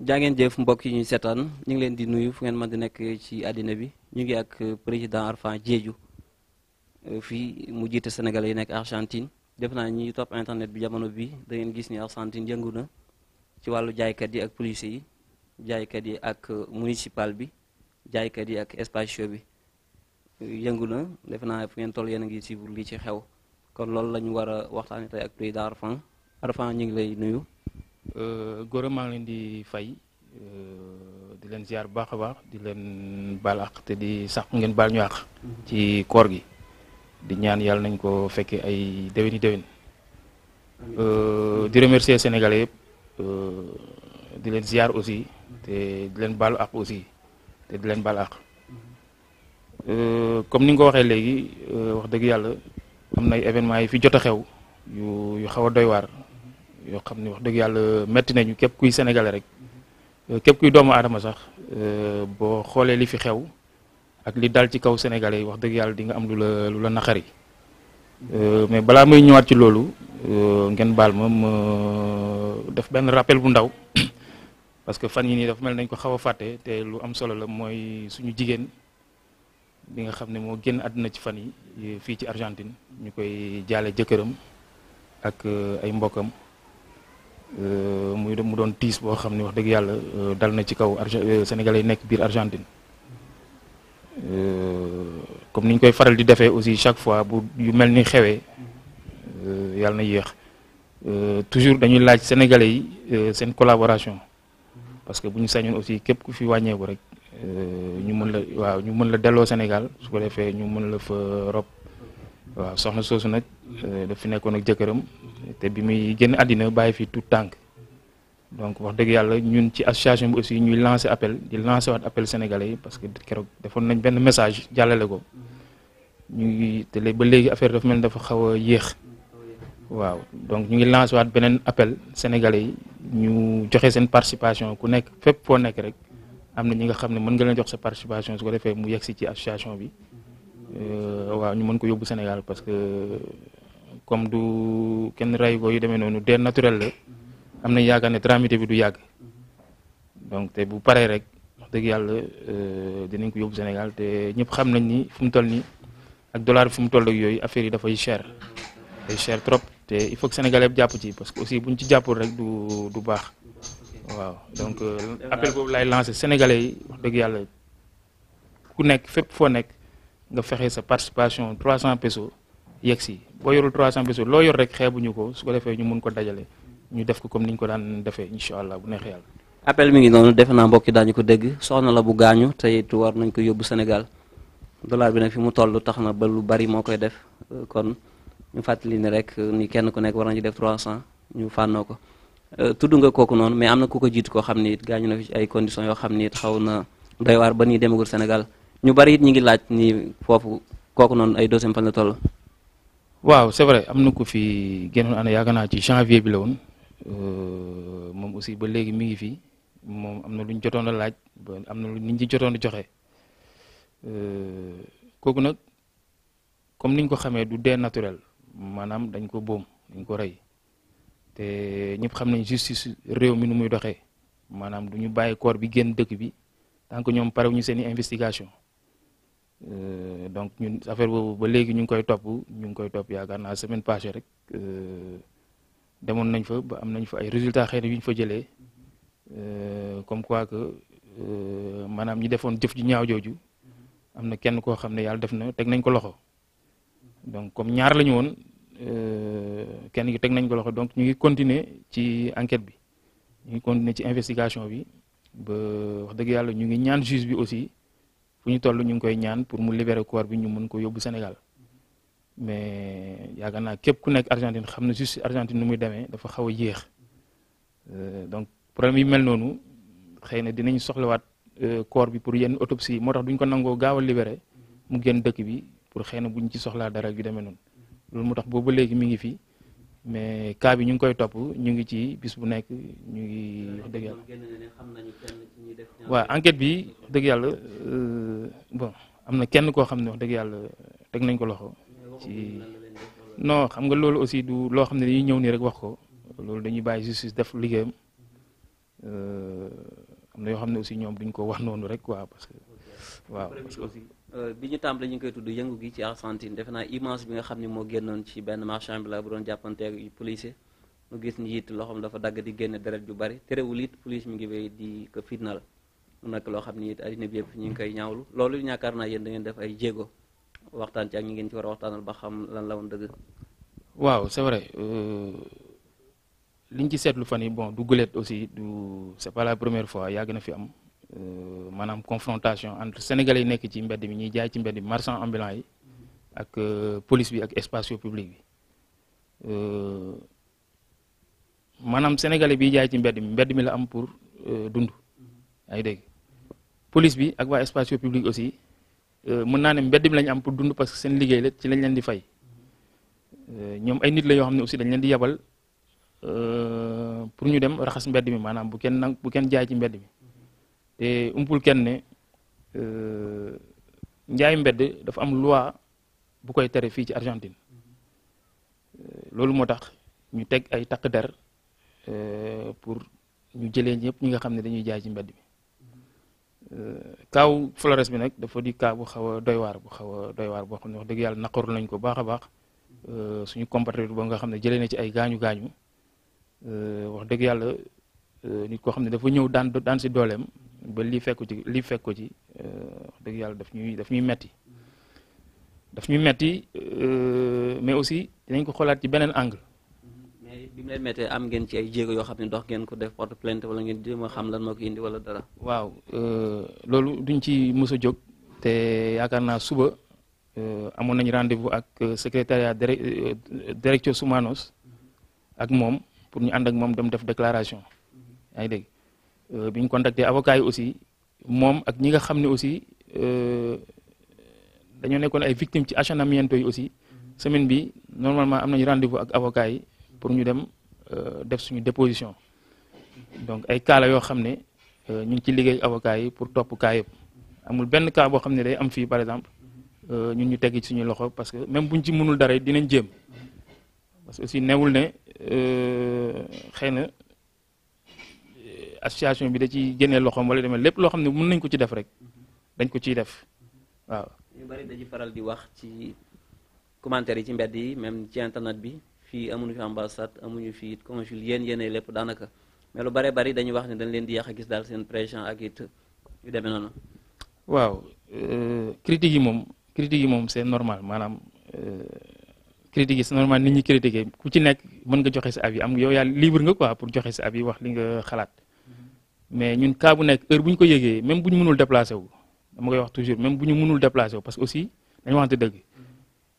jaa ngeen jëf mbokk yi ñuy seetaan ñu ngi leen di nuyu fu ngeen mën di nekk ci àddina bi ñu ngi ak euh, président Arfan Diédhiou euh, fii mu jiite yi nekk Argentine def naa ñuy topp internet bi jamono bi da ngeen gis ni Argentine yëngu na ci wàllu jaaykat yi ak police yi jaaykat yi ak euh, municipal bi jaaykat yi ak espacio bi yëngu na def naa fu ngeen toll yéen a ngi suivre li ci xew kon loolu la ñu war a waxtaanee tey ak président Arfan Arfan ñu ngi lay nuyu. Euh, Gora maa leen di fay euh, di leen ziar bu baax a baax di leen baal àq te di sax ngeen baal ñu àq ci koor gi di ñaan yàlla nañ ko fekkee ay déwéni déwén euh, di remercier Sénégalais yëpp di leen ziar aussi te di leen baalu àq aussi te di leen baal àq comme ni nga ko waxee léegi wax dëgg yàlla am na ay événements yi fi jot a xew yu yu xaw a doy waar yoo xam ne wax dëgg yàlla metti nañu képp kuy sénégalais rek euh, képp kuy doomu aadama sax euh, boo xoolee li fi xew ak li daal ci kaw sénégalais yi wax dëgg yàlla di nga am lu la lu la naqari euh, mais balaa muy ñëwaat ci loolu ngeen baal ma ma def benn rappel bu ndaw parce que fan yi nii dafa mel nañ ko xaw a fàtte te lu am solo la mooy suñu jigéen bi nga xam ne moo génn àddina ci fan yi fii ci Argentine ñu koy jaale jëkkëram ak ay mbokkam Euh, muy mu doon tiis boo xam ne wax dëgg yàlla euh, dal na ci kaw euh, sénégalais yi nekk biir Argentine comme ni koy faral di defee aussi chaque fois bu yu mel ni xewee yàlla na yéex toujours dañuy laaj sénégalais yi seen collaboration parce que bu ñu aussi képp ku fi wàññeeku rek ñu mën la waaw ñu mën la delloo Sénégal su ko defee ñu mën la fa rob waaw soxna soosu nag eh, daf nekkoon ak jëkkëram te bi muy génn àddina bàyyi fi tout tànk donc wax dëgg yàlla ñun ci association bi aussi ñuy lancer appel di lancer waat appel sénégalais yi parce que keroog defoon nañ benn message jàllale ko ñu ngi te ba léegi affaire dafa mel dafa xaw a yéex waaw donc ñu ngi lancer waat beneen appel sénégalais yi ñu joxe seen participation ku nekk fépp foo nekk rek am na ñi nga xam ne mën nga leen jox sa participation su ko defee mu yegsi ci association bi. Euh, waaw ñu mën ko yóbbu Sénégal parce que comme du kenn ray ko yu demee noonu dee naturel la am na yaakaar ne tramité bi du yàgg donc te bu paree rek wax dëgg yàlla euh, dinañ ko yóbbu Sénégal te ñëpp xam nañ ni fu mu toll nii ak dollar bi fu mu toll ak yooyu affaire yi dafay cher dafay trop te il faut que Sénégalais jàpp ci parce que aussi bu ci jàppul rek du du baax waaw donc euh, appel boobu laay lancé Sénégalais yi dëgg yàlla ku nekk fépp foo nekk. nga fexe sa participation 300 pesos yegg si boo yorul 300 pesos loo yor rek xeebuñu ko su ko defee ñu mun ko dajale ñu def ko comme ni ñu ko daan defee incha allah bu neexee yàlla. appel mi ngi noonu defe naa mbokki daañu ko dégg soxna la bu gaañu tey it war nañ ko yóbbu Sénégal dollar bi nag fi mu toll tax na ba lu bari moo koy def euh, kon ñu fàttali ni rek euh, ni kenn ku nekk war nañu def 300 ñu fànnoo ko. Euh, tudd nga kooku noonu mais am na ku ko jiitu koo xam ni it gaañu na fi ci ay conditions yoo xam ni it na doy waar ba nii demagul Sénégal. ñu bari it ñi ngi laaj nii foofu kooku noonu ay deuxième fan la toll. waaw c'est vrai am na ko fi génnoon ànd yaakaar naa ci janvier bi la woon euh, moom aussi ba léegi mi ngi fi moom am na lu ñu jotoon a laaj am na lu ñu ci jotoon a joxe euh, kooku nag comme niñ ko xamee du dee naturel maanaam dañ ko boom dañ ko rey te ñëpp xam nañ justice réew mi nu muy doxee maanaam du ñu bàyyi corps bi génn dëkk bi tant que ñoom parewuñu seen i investigation. Euh, donc ñun affaire boobu ba léegi ñu ngi koy topp ñu ngi koy topp yaakaar naa semaine passée rek euh, demoon nañ fa ba am nañ fa ay résultat xëy na yu ñu fa jëlee euh, comme quoi que maanaam ñu defoon jëf ji ñaaw jooju am na kenn koo xam ne yàlla def na teg nañ ko loxo donc comme ñaar la ñu woon kenn ki teg nañ ko loxo donc ñu ngi continuer ci enquête bi ñu ngi continuer ci investigation bi ba wax dëgg yàlla ñu ngi ñaan juge bi aussi fu ñu toll ñu ngi koy ñaan pour mu libérer corps bi ñu mën ko yóbbu Sénégal mais yaakaar naa képp ku nekk Argentine xam na juste Argentine nu muy demee dafa xaw a yéex euh, donc problème yi mel noonu xëy na dinañ soxlawaat euh, corps bi pour yenn autopsie yi moo tax duñ ko nangoo gaaw a libéré mu génn dëkk bi pour xëy na buñ ci soxlaa dara yu demee noonu loolu moo tax boobu léegi mi ngi fi. mais cas bi ñu ngi koy topp ñu ngi ci bis bu nekk ñu ngi wax dëgg yàlla waaw enquête bi wax dëgg yàlla euh, bon am na kenn koo xam ne wax dëgg yàlla teg nañ ko loxo ci non xam nga loolu aussi du loo xam ne dañuy ñëw nii rek wax ko loolu dañuy bàyyi justice def liggéeyam euh, am na yoo xam ne aussi ñoom duñ ko wax noonu rek quoi parce waaw Euh, bi ñu tàmbalee ñu ngi koy tudd yëngu gi ci Argentine defe naa image bi nga xam ne moo génnoon ci benn marchand bi la bu doon jàppanteeg policier mu gis ni it loxoom dafa dagg di génn deret ju bari terewul it police mi ngi wéy di ko fitnal mu nekk loo xam ni it addina bi yëpp ñu ngi koy ñaawlu loolu ñaakaar naa yéen da ngeen def ay jéego waxtaan ci ak ñi ngeen ci war a waxtaanal ba xam lan la woon dëgg. waaw c'est vrai euh, liñ ci seetlu fan yi bon du gulet aussi du c'est première fois yàgg na fi am. Euh, maanaam confrontation entre sénégalais yi nekk ci mbedd mi ñuy jaay ci mbedd mi marchand ambulant yi ak euh, police bi ak espace public bi euh, maanaam sénégalais biy jaay ci mbedd mi mbedd mi la am pour dund. yaa ngi bi ak waa espace public aussi mën naa ne mbedd mi la am pour dund parce que seen liggéey ci lañ leen di fay ñoom ay nit la yoo xam ne aussi dañ leen di yabal pour ñu dem raxas mbedd mi maanaam bu kenn nag bu kenn jaay ci mbedd mi. te umpul kenn ne euh, njaay mbedd dafa am loi bu koy tere fii ci Argentine euh, loolu moo tax ñu teg ay takk der euh, pour ñu jëlee ñëpp ñi nga xam ne dañuy jaay ci mbedd bi kaaw Flores bi nag dafa di kaa bu xaw a doy waar bu xaw a doy waar boo xam ne wax dëgg yàlla naqaru nañ ko baax a baax suñu compatriote ba nga xam ne jëlee na ci ay gaañu wax dëgg yàlla nit koo xam ne dafa ñëw daan daan si dooleem ba lii fekku ci lii fekk ci euh, wax dëgg yàlla daf ñuy daf ñuy metti daf ñuy metti euh, mais aussi dañ ko xolaat ci beneen angle. mais bi mu leen am ngeen ci ay jéego yoo xam ne dox ngeen ko def porte plainte wala ngeen jéem a xam lan moo ko indi wala dara. waaw euh, loolu duñ ci mës jog te yaakaar naa suba amoon nañ rendez-vous ak secrétariat directeur Soumanos ak moom pour ñu ànd ak moom dem def déclaration ay dégg. Euh, bi ñu contacté avocat yi aussi moom ak ñi nga xam ne aussi euh, dañoo nekkoon ay victimes ci achanamiento yi aussi semaine bi normalement am nañu rendez-vous ak avocat pour ñu dem euh, def suñu déposition donc ay kaala yoo xam ne ñu ngi ci liggéey avocat yi pour topp cas amul benn cas boo xam ne day am fii par exemple ñun ñu tegg suñu loxo parce que même buñ ci mënul dara dinañ jéem parce que aussi newul ne xëy na association bi da ciy génnee loxoom wala demee lépp loo xam ne mën nañ ko ci def rek dañ ko ciy def waaw. ñu bari dañuy paral di wax ci commentaire yi ci mbedd yi même ci internet bi fii amuñu fi ambassade amuñu fi consul yéen yéenay lépp daanaka lu bari bari dañuy wax ne dañ leen di yàq a gis daal seen pression ak it yu demee noonu. waaw euh, critique yi moom critique yi moom c'est normal maanaam. Euh, critique yi c'est normal nit ñi critiquer ku ci nekk mën nga joxe sa avis am yow yaa libre nga quoi pour joxe sa wax li xalaat mais ñun cas bu nekk heure bu ñu ko yëgee même bu ñu mënul déplacé wu dama koy wax toujours même bu ñu mënul déplacé wu parce que aussi dañu waxante dëgg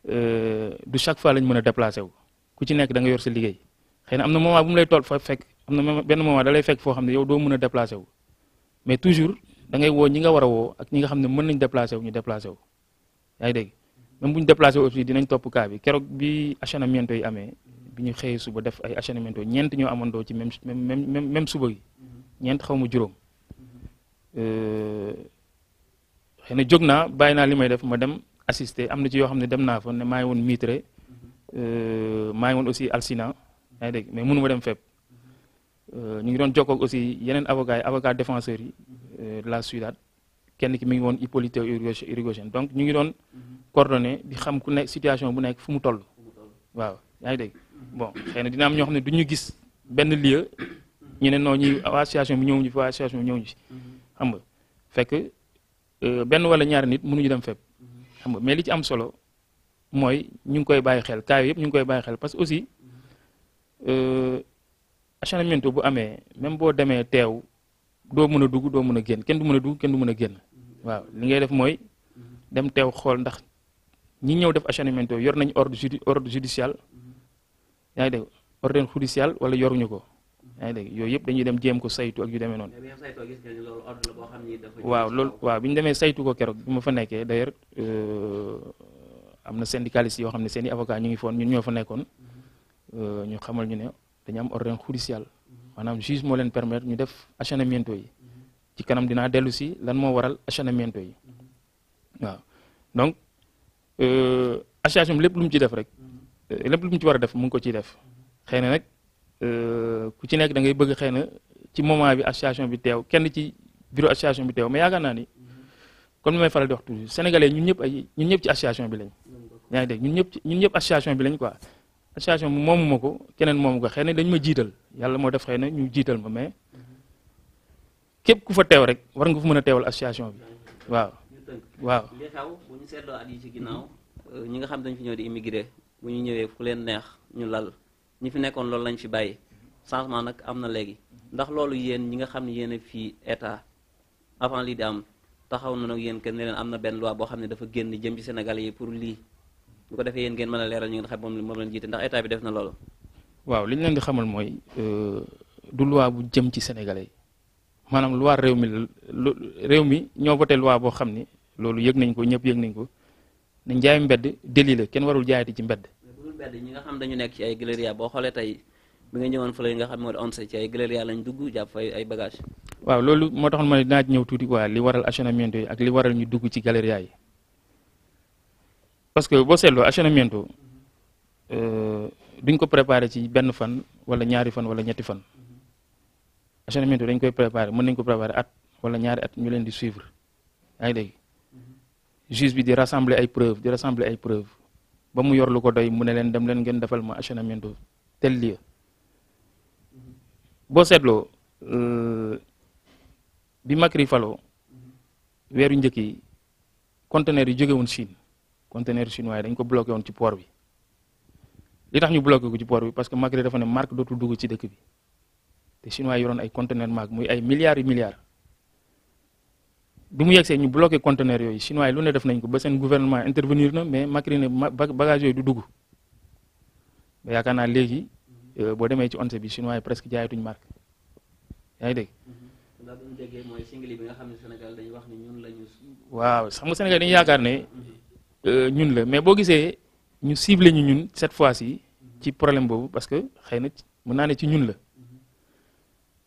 euh, du chaque fois lañ mën a déplacé wu ku ci nekk da nga yor sa liggéey xëy na am na moment bu mu lay toll fa fekk am na benn moment da lay fekk foo xam ne yow doo mën a déplacé wu mais toujours da ngay woo ñi nga war a woo ak ñi nga xam ne mën nañ déplacé wu ñu déplacé wu yaa ngi dégg même bu ñu déplacé aussi dinañ topp cas bi keroog bi achanamiento yi amee bi ñu xëyee suba def ay achanamiento ñeent ñoo amandoo ci même même même suba gi ñeent xaw ma juróom euh, xëy na jóg naa bàyyi naa li may def ma dem assiste am na ci yoo xam ne dem naa fa ne maa ngi woon Mitre euh, maa ngi woon aussi Alsina yaa ngi dégg mais mënu ma dem fépp euh, ñu ngi doon jokkoog aussi yeneen avocats yi avocats défenseurs yi de la Ciudad kenn ki mi ngi woon Hippolyte Yrigoyen donc ñu ngi doon coordonné di xam ku nekk situation bu nekk fu mu toll waaw yaa ngi dégg bon ñoo xam ne du ñu gis benn lieu ñu ne non ñu association bi ñëwuñu ñu fi waa association bi ñëw ñu si mm-hmm. xam nga fekk euh, benn wala ñaari nit mënuñu dem fépp mm-hmm. xam nga mais li ci am solo mooy ñu ngi koy bàyyi xel kaay yëpp ñu ngi koy bàyyi xel parce que aussi mm-hmm. euh, acharnement bu amee même boo demee teew doo mën a dugg doo mën a génn kenn du mën a dugg kenn du mën a génn waaw li ngay def mooy dem teew xool ndax ñi ñëw def acharnement yor nañu ordre ordre judicial yaa ngi dégg judicial wala yoruñu ko yaa ngi dégg yooyu yëpp dañuy dem jéem ko saytu ak yu demee noonu. waaw lool waaw bi ñu demee saytu ko keroog bi ma fa nekkee d'ailleurs euh, am na syndicaliste yoo xam ne seen i avocat ñu ngi foon ñun ñoo fa nekkoon euh, ñu xamal ñu ne dañu am ordre judicial maanaam juge moo leen permettre ñu def achanamiento yi ci kanam dinaa dellu si lan moo waral achanamiento yi waaw donc euh, achanamiento lépp lu mu ci def rek lépp lu ci war a def mu ngi ko ciy def xëy na nag. Euh, ku ci nekk da ngay bëgg xëy na ci moment bi association bi teew kenn ci bureau association bi teew mais yaakaar naa ni comme ni may faral di wax toujours sénégalais ñun ñëpp ay ñun ñëpp ci association bi lañ. yaa ngi ñëpp ñun ñëpp association bi lañ quoi association bi moomu ma ko keneen moomu ko xëy na dañ ma jiital yàlla moo def xëy na ñu jiital ma mais képp ku fa teew rek war nga fa mën a teewal association bi waaw. waaw li xew bu ñu ci ginnaaw ñi nga xam dañ fi ñëw di immigré bu ñu ñëwee ku leen neex ñu lal. ñi fi nekkoon loolu lañ fi bàyyi changement nag am na léegi ndax loolu yéen ñi nga xam ne yéen a fii état avant lii di am taxaw na nag yéen kenn ne leen am na benn loi boo xam ne dafa génn jëm ci Sénégalais yi pour lii bu ko defee mën a leeral ñi nga xam moom moom leen jiite ndax état bi def na loolu. waaw li ñu leen mooy euh, du loi bu jëm ci Sénégalais yi maanaam loi réew mi réew mi ñoo voté loi boo xam ne loolu yëg nañ ko ñëpp yëg nañ ko ne njaay mbedd délit la kenn warul jaayati ci mbedd. mbedd ñi nga xam dañu nekk ci ay galeria boo xoolee tey bi nga ñëwoon fële nga xam moo di onse ci ay galeria lañ dugg jàpp fay ay bagage waaw loolu moo taxoon ma ne ñëw tuuti quoi li waral achanamiento yi ak li waral ñu dugg ci galeria yi parce que boo seetloo achanamiento euh, duñ ko préparé ci benn fan wala ñaari fan wala ñetti fan achanamiento dañ koy préparé mën nañ ko préparé at wala ñaari at ñu leen di suivre yaa ngi dégg mm-hmm. bi di rassembler ay preuve di rassembler ay preuve ba mu yor lu ko doy mu ne leen dem leen ngeen defal ma achanamentu li lieu boo seetloo euh, bi Macri faloo weeru njëkk yi conteneur yi jóge woon Chine conteneur chinois yi dañ ko bloqué woon ci port bi li tax ñu bloqué ko ci poor bi parce que Macri dafa ne dootu dootul dugg ci dëkk bi te chinois yoroon ay conteneur marque muy ay milliards yu milliards bi mu yegsee ñu bloqué conteneur yooyu chinois yi lu ne def nañ ko ba seen gouvernement intervenir na mais Macri ne bagage yooyu du dugg ba yaakaar naa léegi euh, boo demee ci onse bi chinois yi presque jaayatuñ marque yaa ngi mm-hmm. mooy single bi nga xam ne Sénégal dañuy wax ni ñun la ñu. waaw xam nga Sénégal dañ yaakaar ne euh, ñun la mais boo gisee ñu ciblé ñu ñun cette fois ci ci problème boobu parce que xëy na mën naa ne ci ñun la mm-hmm.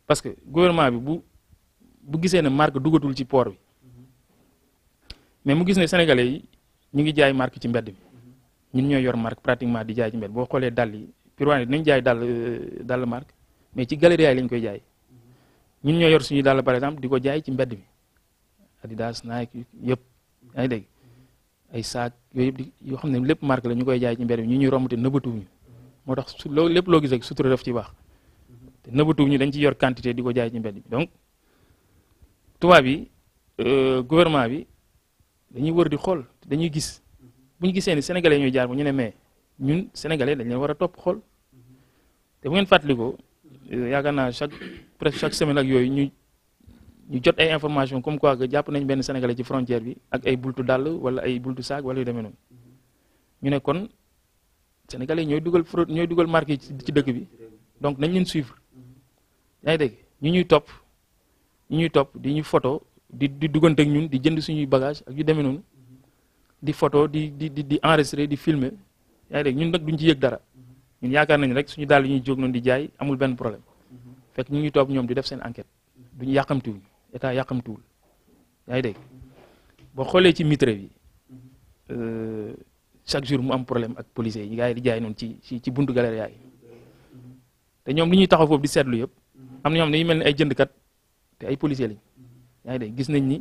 parce que gouvernement bi bu bu gisee ne marque dugatul ci port bi. mais mu gis ne sénégalais yi ñu ngi jaay marque ci mbedd bi ñun ñoo yor marque pratiquement di jaay ci mbedd boo xoolee dàll yi pirwaan dinañ jaay dàll euh, dàll marque mais ci galerie yi lañ koy jaay ñun ñoo yor suñuy dàll par exemple di ko jaay ci mbedd bi Adidas Nike yëpp yaa ngi dégg ay saak yooyu yëpp di yoo xam ne lépp marque la ñu koy jaay ci mbedd bi ñu ñuy romb te nëbbatuwuñu moo tax su loo lépp loo gis rek sutura daf ci baax te nëbbatuwuñu dañ ci yor quantité di ko jaay ci mbedd bi donc tubaab bi euh, gouvernement bi dañuy wër di xool dañuy gis bu ñu gisee ni sénégalais ñooy jaar bu ñu ne mais ñun sénégalais dañ leen war a topp xool te bu ngeen fàttalikoo euh, yaakaar naa chaque presque chaque semaine ak yooyu ñu ñu jot ay information comme quoi que jàpp nañ benn sénégalais ci frontière bi ak ay bultu dàll wala ay bultu saak wala yu demee noonu ñu ne kon sénégalais ñooy dugal fraude ñooy dugal marque yi ci dëkk bi donc nañ leen suivre yaa ngi ñu ñuy topp ñu ñuy topp di ñu photo di di duggante ak ñun di jënd suñuy bagage ak ñu demee noonu di photo di di di di enregistré di filmer yaa ñun nag duñ ci yëg dara ñun yaakaar nañ rek suñu daal yi ñuy jóg noonu di jaay amul benn problème fekk ñu ngi toog ñoom di def seen enquête duñu yàqamtiwuñ état yàqamtiwul yaa ngi dégg boo xoolee ci mitre bi euh, chaque jour mu am problème ak policier yi gars di jaay noonu ci ci ci buntu galeria yi te ñoom li ñuy taxaw foofu di seetlu yëpp am na ñoom yu mel ni ay jëndkat te ay policiers lañ. yaa ngi dégg gis nañ ni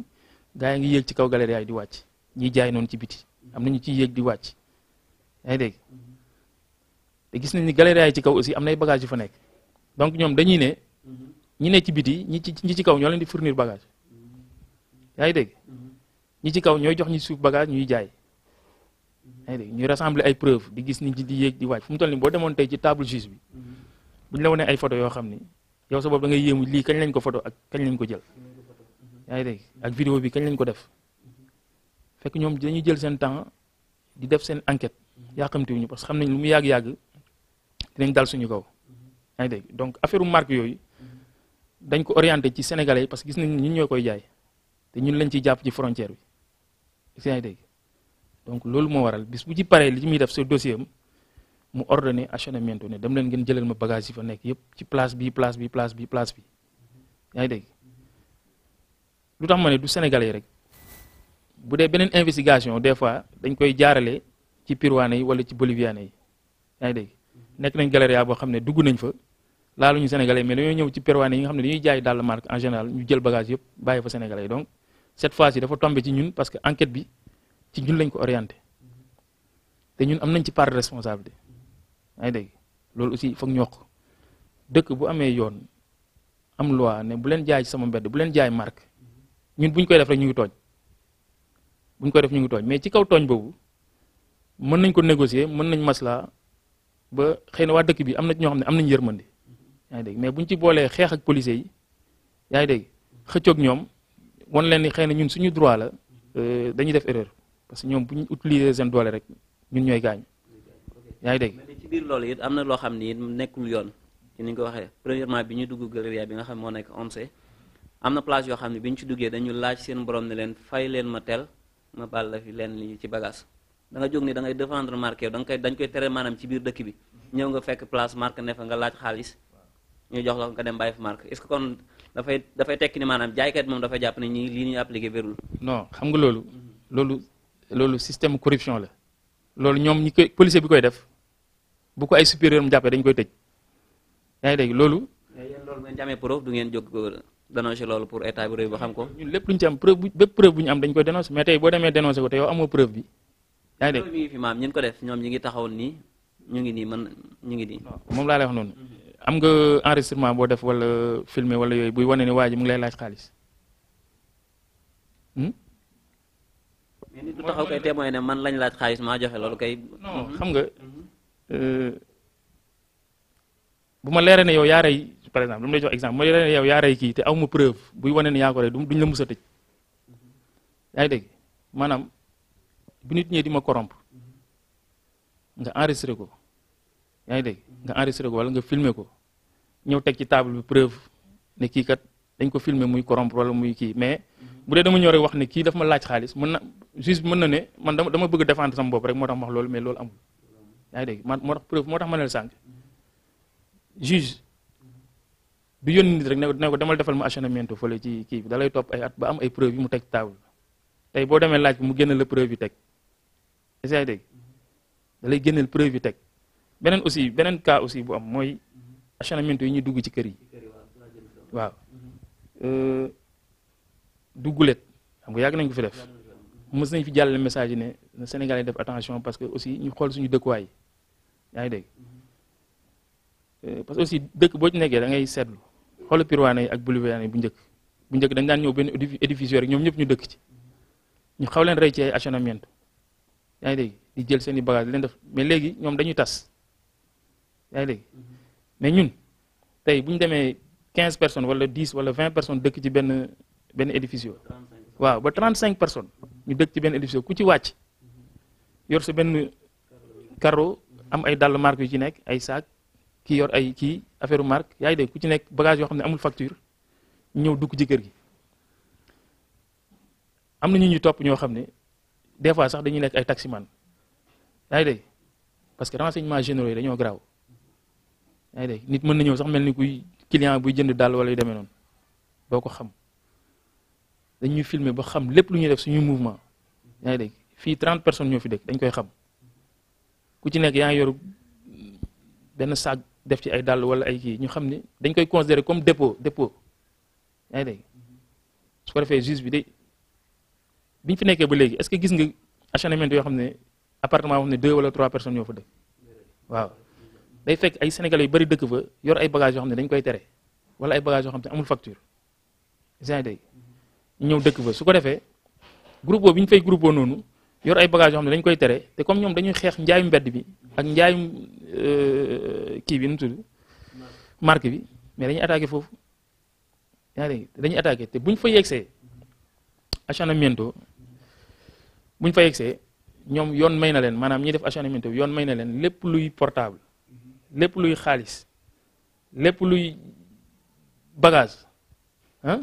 gaa yi ngi yéeg ci kaw galerie yi di wàcc ñiy jaay noonu ci biti am nañu ciy yéeg di wàcc yaa dégg nañ ni galerie ci kaw aussi am nay bagage yu fa nekk donc ñoom dañuy ne ñi ne ci biti ñi ci ñi ci kaw ñoo leen di fournir bagage yaa ngi dégg ñi ci kaw ñooy jox ñi suuf bagage ñuy jaay ñu ngi dégg ñuy rassembler ay preuve di gis nit ñi di yéeg di wàcc fu mu toll nii boo demoon tey ci table juge bi bu ñu la wanee ay photo yoo xam ni yow sa bopp da ngay yéemu lii kañ lañ ko photo ak kañ lañ ko jël yaa ngi dégg ak vidéo bi kañ lañ ko def fekk ñoom dañuy jël seen temps di def seen enquête yàqamtiwuñu parce que xam nañ lu mu yàgg-yàgg dinañ dal suñu kaw yaa ngi dégg donc affaire yooyu dañ ko orienté ci sénégalais yi parce que gis nañ ñun ñoo koy jaay te ñun lañ ciy jàpp ci frontière bi est yaa dégg donc loolu moo waral bis bu ci paree li muy def sa dossier am mu ordonné achanamiento ne dem leen ngeen jëlal ma bagage yi fa nekk yëpp ci place bi place bi place bi place bi yaa ngi dégg lu tax ma ne du sénégalais rek bu dee beneen investigation des fois dañ koy jaarale ci Perouane yi wala ci Boliviane yi yaa ngi nekk nañ galeria boo xam ne dugg nañ fa laalu laaluñu sénégalais mais dañoo ñëw ci Perouane yi nga xam ne dañuy jaay dàll marque en général ñu jël bagage yëpp bàyyi fa sénégalais donc cette fois ci dafa tombé ci ñun parce que enquête bi ci ñun lañ ko orienté te ñun am nañ ci part de responsabilité yaa ngi dégg loolu aussi foog ñoo ko dëkk bu amee yoon am loi ne bu leen jaay ci sama mbedd bu leen jaay marque. ñun bu ñu koy def rek ñu ngi tooñ bu ñu koy def ñu ngi tooñ mais ci kaw tooñ boobu mën nañ ko négocier mën nañ maslaa ba xëy na waa dëkk bi am na ñoo xam ne am nañ yërmande yaa ngi dégg mais bu ñu ci boolee xeex ak policiers yi yaa ngi dégg xëccoog ñoom wan leen ni xëy na ñun suñu droit la euh, dañu def erreur parce que ñoom bu ñu utiliser seen doole rek ñun ñooy gaañ yaa ngi dégg. loolu it am na loo xam ni nekkul yoon ci ni nga ko waxee bi ñu dugg bi nga xam moo nekk ONCE. am na place yoo xam ne bi ñu ci duggee dañu laaj seen borom ne leen fay leen ma tel ma baal la fi leen li ci bagage da nga jóg ni da ngay défendre marqué da nga koy dañ koy tere maanaam ci biir dëkk bi ñëw nga fekk place ne fa laaj xaalis ñu jox la nga dem bàyyi fa marque est-ce que kon dafay tekki ni maanaam jaaykat moom dafa jàpp ne ñii lii ñuy appliqué wérul non xam nga loolu loolu loolu système corruption la loolu ñoom ñu koy policier bi koy def bu ko ay supérieur mu jàppee dañ koy tëj yaa loolu loolu ngeen jamee preuve du ngeen jóg dénoncer loolu pour état bi réew bi xam ko. ñun lépp lu ñu ci am preuve bu bépp preuve bu ñu am dañ koy dénoncer mais tey boo demee dénoncer ko te yow amoo preuve bi. yaa ngi dégg loolu mi ngi fi ko def ñoom ñi ngi taxawoon nii ñu ngi nii man ñu ngi nii. moom laa lay wax noonu. am nga enregistrement boo def wala filmer wala yooyu buy wane ni waa ji mu ngi lay laaj xaalis. Hmm? mais ne man lañ laaj xaalis maa joxe loolu kay. xam nga euh, bu ma leeree ne yow yaa rey par exemple dama lay jox exemple mooy la kii te aw ma preuve buy wane ne yaa ko duñ la mus a tëj yaa dégg maanaam bu nit ñee di ma corrompre nga enregistré ko yaa ngi dégg nga enregistré ko wala nga filmer ko ñëw teg ci table bi preuve ne kii kat dañ ko filmer muy corrompre wala muy kii mais bu dee dama ñëw rek wax ne kii daf ma laaj xaalis mën na juge bi mën na ne man dama dama bëgg défendre sama bopp rek moo tax ma wax loolu mais loolu amul yaa dégg man moo tax preuve moo tax ma du yónni nit rek ne ko demal defal ma achanamiento fële ci kii bi da lay topp ay at ba am ay preuve yi mu teg table tey boo demee laaj bi mu génne la preuve yi teg est-ce que teg beneen aussi beneen cas aussi boo am mooy achanamiento yi ñuy dugg ci kër yi waaw euh, duggulet xam nga yàgg nañ ko fi def mës nañ fi jàllale message ne Sénégal yi def attention parce que aussi ñu xool suñu dëkkuwaay yaa ngi dégg euh, parce que aussi dëkk boo ci nekkee da ngay seetlu xoola Piroane yi ak Boliviane yi bu njëkk bu njëkk dañ daan ñëw benn édifice rek ñoom ñëpp ñu dëkk ci ñu xaw leen rey ci ay achanamiento yaa ngi dégg di jël seen i bagage leen def mais léegi ñoom dañuy tas yaa ngi mais ñun tey bu ñu demee quinze personnes wala dix wala vingt personnes dëkk ci benn benn édifice waaw ba trente cinq personnes ñu dëkk ci benn édifice ku ci wàcc yor sa benn carreau am ay dàll marque yu ci nekk ay saak ki yor ay kii affaire marque yaa ngi dégg ku ci nekk bagage yoo xam ne amul facture ñëw dugg ci kër gi am na ñu ñuy topp ñoo xam ne des fois sax dañuy nekk ay taximan yaa ngi parce que renseignement généraux yi dañoo garaaw yaa ngi nit mën na ñëw sax mel ni kuy client buy jënd dàll wala yu demee noonu doo ko xam dañuy filmer ba xam lépp lu ñuy def suñu mouvement yaa ngi dégg fii 30 personnes ñoo fi dëkk dañ koy xam ku ci nekk yaa ngi yor benn saag def ci ay dàll wala ay kii ñu xam ne dañ koy considérer comme dépôt dépôt yaa ngi dégg su ko defee juge bi day biñ fi nekkee ba léegi est-ce que gis nga acharnement yoo xam ne appartement wax ne deux wala trois personnes ñoo fa dëkk waaw day fekk ay sénégalais yu bari dëkk fa yor ay bagage yoo xam ne dañ koy tere wala ay bagages yoo xam ne amul facture yaa ngi ñëw dëkk fa su ko defee groupe boobu bi ñu fay groupe noonu yor ay bagage yoo xam ne dañ koy tere te comme ñoom dañuy xeex njaayu mbedd bi ak njaayum euh, kii bi nu tudd marque bi mais dañuy attaqué foofu yaa dégg dañuy attaqué te buñ fa yegsee achanamiento buñ fa yegsee ñoom yoon may na leen maanaam ñiy def achanamiento bi yoon may na leen lépp luy portable lépp luy xaalis lépp luy bagage ah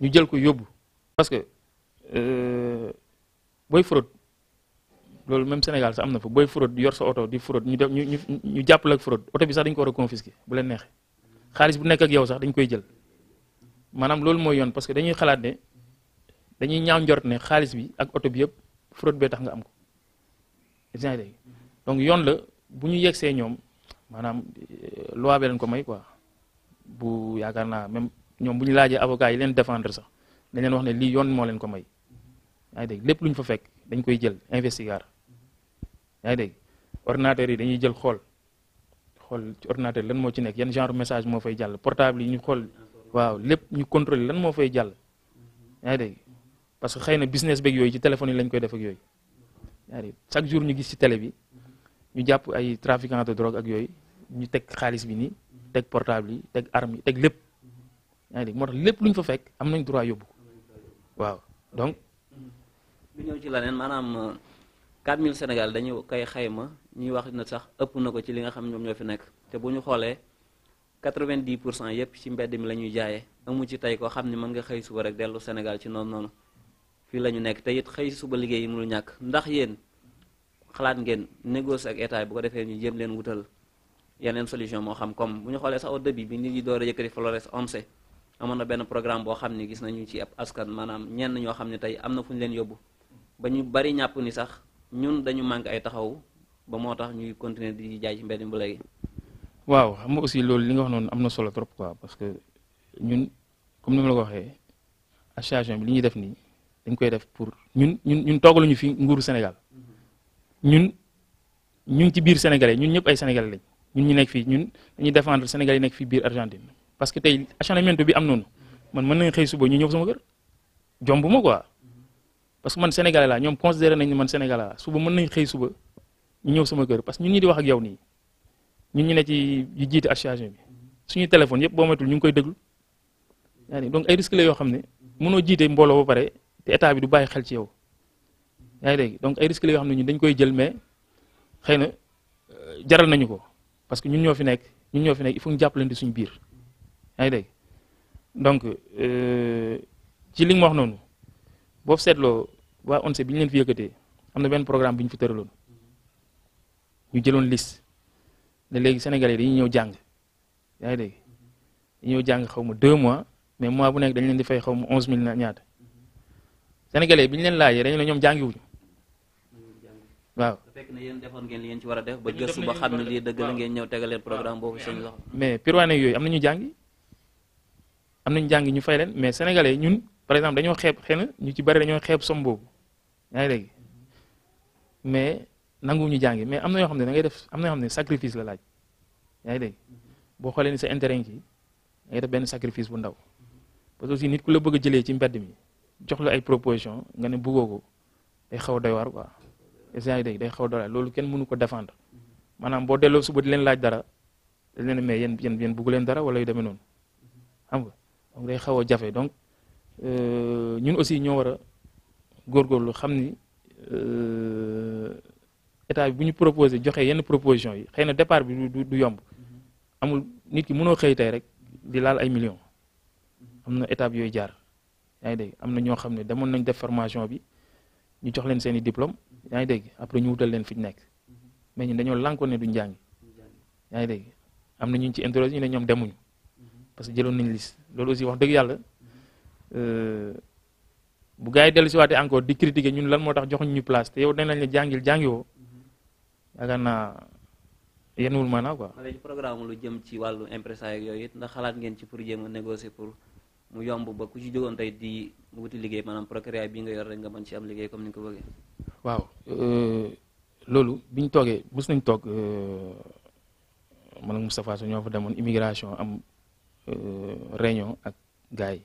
ñu jël ko yóbbu parce que euh, booy fraude loolu même Sénégal sax am na fa booy fraude yor sa oto di fraude ñu def ñu ñu ñu jàppale ak fraude oto bi sax dañ ko war a confisquer bu leen neexee xaalis bu nekk ak yow sax dañ koy jël maanaam loolu mooy yoon parce que dañuy xalaat ne dañuy ñaaw njort ne xaalis bi ak oto bi yëpp fraude bee tax nga am ko léegi donc yoon la bu ñu yegsee ñoom maanaam euh, loi bi leen ko may quoi bu yaakaar naa même ñoom bu ñu laajee avocat yi leen défendre sax dañ leen wax ne lii yoon moo leen ko may. yaa dégg lépp lu ñu fa fekk dañ koy jël investigar yaa ngi dégg ordinateur yi dañuy jël xool xool ci ordinateur lan moo ci nekk yan genre message moo fay jàll portable yi ñu xool waaw lépp ñu contrôler lan moo fay jàll yaa dégg parce que xëy na business beeg yooyu ci téléphone yi lañ koy def yooyu yaa ngi dégg chaque jour ñu gis ci télé bi ñu jàpp ay trafiquant de drogue ak yooyu ñu teg xaalis bi nii teg portable yi teg arme yi teg lépp yaa dégg moo tax lépp lu fa fekk am nañ droit yóbbu bu ñëw ci leneen maanaam 4000 euh, Sénégal dañu koy xayma ñuy wax na sax ëpp na ko ci li nga xam ñoom ñoo fi nekk te bu ñu xoolee 90 pour cent yëpp ci mbedd mi la ñuy jaayee amu ci tey koo xam ni mën nga xëy suba rek dellu Sénégal ci noonu noonu fii la ñu nekk te it xëy suba liggéey yi mënul ñàkk ndax yéen xalaat ngeen négocier ak état bu ko defee ñu jéem leen wutal yeneen solution moo xam comme bu ñu xoolee sax au début bi nit ñi door a yëkkati Flores OMS amoon na benn programme boo xam ne gis nañu ci ab askan maanaam ñenn ñoo xam ne tey am na fu leen yóbbu ba ñu bari ñàpp ni sax ñun dañu manqué ay taxaw ba moo tax ñuy continuer di jaay ci mbedd mi ba léegi. waaw xam nga aussi loolu li nga wax noonu am na solo trop quoi parce que ñun comme ni ma la ko waxee association bi li ñuy def nii dañ koy def pour ñun ñun ñun toogaluñu fi nguuru Sénégal ñun ñu ci biir sénégalais ñun ñëpp ay sénégalais lañ ñun ñu nekk fii ñun dañuy défendre sénégalais yi fii biir Argentine parce que tey acharnement bi am noonu man mën nañ xëy suba ñu ñëw sama kër jomb ma quoi. parce que man sénégalais laa ñoom considéré nañ ne man sénégalais laa suba mën nañ xëy suba ñu ñëw sama kër parce que ñun ñi di wax ak yow nii ñun ñu ne ci yu jiite association bi suñu téléphone yëpp boo matul ñu ngi koy déglu yaa ay risques la yoo xam ne mënoo jiite mbooloo ba pare état bi du bàyyi xel ci yow yaa dégg donc ay risques yoo xam ne ñun dañ koy jël mais xëy na euh, jaral nañu ko parce que ñun ñoo fi nekk ñun ñoo fi nekk il faut ñu jàppalante suñu biir yaa dégg donc euh, ci li nga wax noonu boo seetloo waa ONCE bi ñu leen fi yëkkatee am na benn programme bu ñu fi tëraloon ñu jëloon liste ne léegi Sénégalais dañuy ñëw jàng yaa ngi dégg xaw ma deux mois mais mois bu nekk dañ leen di fay xaw ma onze mille na ñaata Sénégalais bi ñu leen laajee dañu ne ñoom jàngiwuñu waaw. fekk na yéen defoon war a def ba gëstu ba xam ne lii dëgg la ngeen ñëw tegaleen programme boobu seen loxo. mais Pirwaane yooyu am na ñu jàngi am nañu jàng ñu fay leen mais sénégalais ñun par exemple dañoo xeeb xëy na ñu ci bari dañoo xeeb som boobu yaa ngi dégg mais nangu ñu jàngi mais am na yoo xam ne da def am na xam ne sacrifice la laaj yaa dégg boo xoolee ni sa intérêt ngi ci def benn sacrifice bu ndaw parce que aussi nit ku la bëgg jëlee ci mbedd mi jox la ay proposition nga ne buggoo ko day xaw a doy waar quoi est yaa dégg day xaw a loolu kenn mënu ko défendre maanaam boo delloo suba di leen laaj dara dañ leen mais yéen yéen yéen bëggu leen dara wala yu demee noonu xam nga donc day xaw a jafe donc euh, ñun aussi ñoo war góor góor góorgóorlu xam ni euh, état bi bu ñu proposé joxe yenn proposition yi xëy na départ bi du du yomb amul nit ki mënoo xëy rek di laal ay millions am na étape yooyu jaar yaa ngi dégg am na ñoo xam ne demoon nañ def formation bi ñu jox leen seen i diplôme yaa ngi dégg après ñu wutal leen fi ñu nekk mais ñun dañoo lànkoon ne duñ jàngi yaa dégg am na ñu ci interroger ñu ne ñoom demuñu parce jëloon nañ liste loolu aussi wax dëgg yàlla. Euh, bu gars yi dellu si waatee encore di critiquer ñun lan moo tax joxuñ ñu place te yow dañ lañ la jàngil jàngiwoo yaakaar naa yenn wul maanaa ko léegi programme lu jëm ci wàllu impresario yooyu it ndax xalaat ngeen ci pour jéem a négocier pour mu yomb ba ku ci jógoon tey di wuti liggéey maanaam Procréa bi nga yor rek nga man ci am liggéey comme ni nga ko bëggee. waaw euh, loolu bi ñu toogee mës nañ toog euh, man ak Moustapha Sow ñoo fa demoon immigration am euh, réunion ak gars yi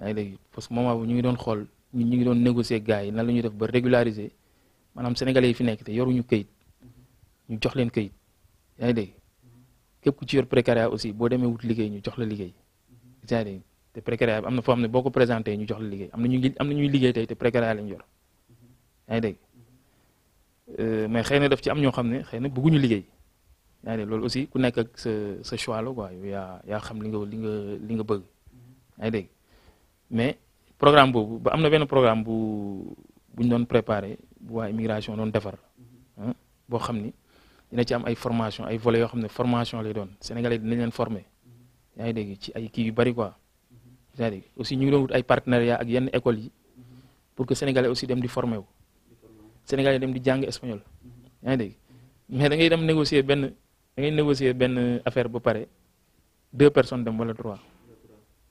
yaa ngi léegi parce que moment bu ñu ngi doon xool ñu ngi doon négocier gars yi nan la ñuy def ba régulariser maanaam sénégalais yi fi nekk te yoru ñu këyit ñu jox leen këyit yaa dégg képp ku ci yor précaria aussi boo demee wut liggéey ñu jox la liggéey yaa ngi dégg te précaria am na foo xam ne boo ko présenté ñu jox la liggéey am na ñu am na ñuy liggéey tey te précaria lañ yor yaa ngi dégg euh, mais xëy na daf ci am ñoo xam ne xëy na bëgguñu liggéey yaa dégg loolu aussi ku nekk ak sa sa choix la quoi yaa xam li nga li nga li nga bëgg yaa ngi dégg programme boobu ba am na benn programme bu bu ñu doon préparé bu waa immigration doon defar boo xam ni dina ci am ay formation ay volets yoo xam ne formation lay doon sénégalais dina leen former yaa ngi dégg ci ay kii yu bari quoi yaa dégg aussi ñu ngi doon wut ay partenariat ak yenn écoles yi pour que sénégalais aussi dem di former wu sénégalais dem di jàng espagnol yaa ngi dégg mais da ngay dem négocier benn da ngay négocier benn affaire ba pare deux personnes dem wala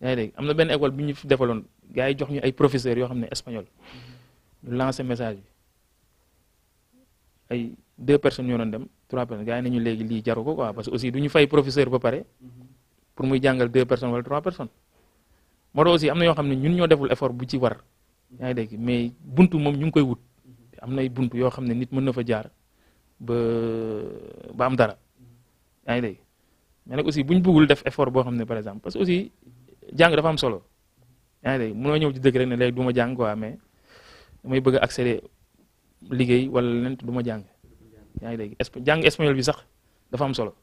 yaa ngi am na benn école bu ñu defaloon gars yi jox ñu ay professeurs yoo xam ne espagnol mhm. ñu lancé message bi ay deux personnes ñoo dem trois personnes gars yi nañu léegi lii jaru ko quoi parce que aussi du ñu fay professeur ba pare mhm. pour muy jàngal deux personnes wala trois personnes moo tax aussi am na yoo xam ne ñun ñoo deful effort bu ci war yaa ngi dégg mais buntu moom ñu ngi koy wut mhm. am na nay buntu yoo xam ne nit mën na fa jaar ba ba am dara yaa ngi dégg bu ñu bëggul def effort boo xam ne par exemple jàng dafa am solo yaa ngi dégg mënoo ñëw ci dëkk rek ne léegi du ma jàng quoi mais damay bëgg a accéder liggéey wala leneen du ma jàng yaa ngi dégg jàng espagnol bi sax dafa am solo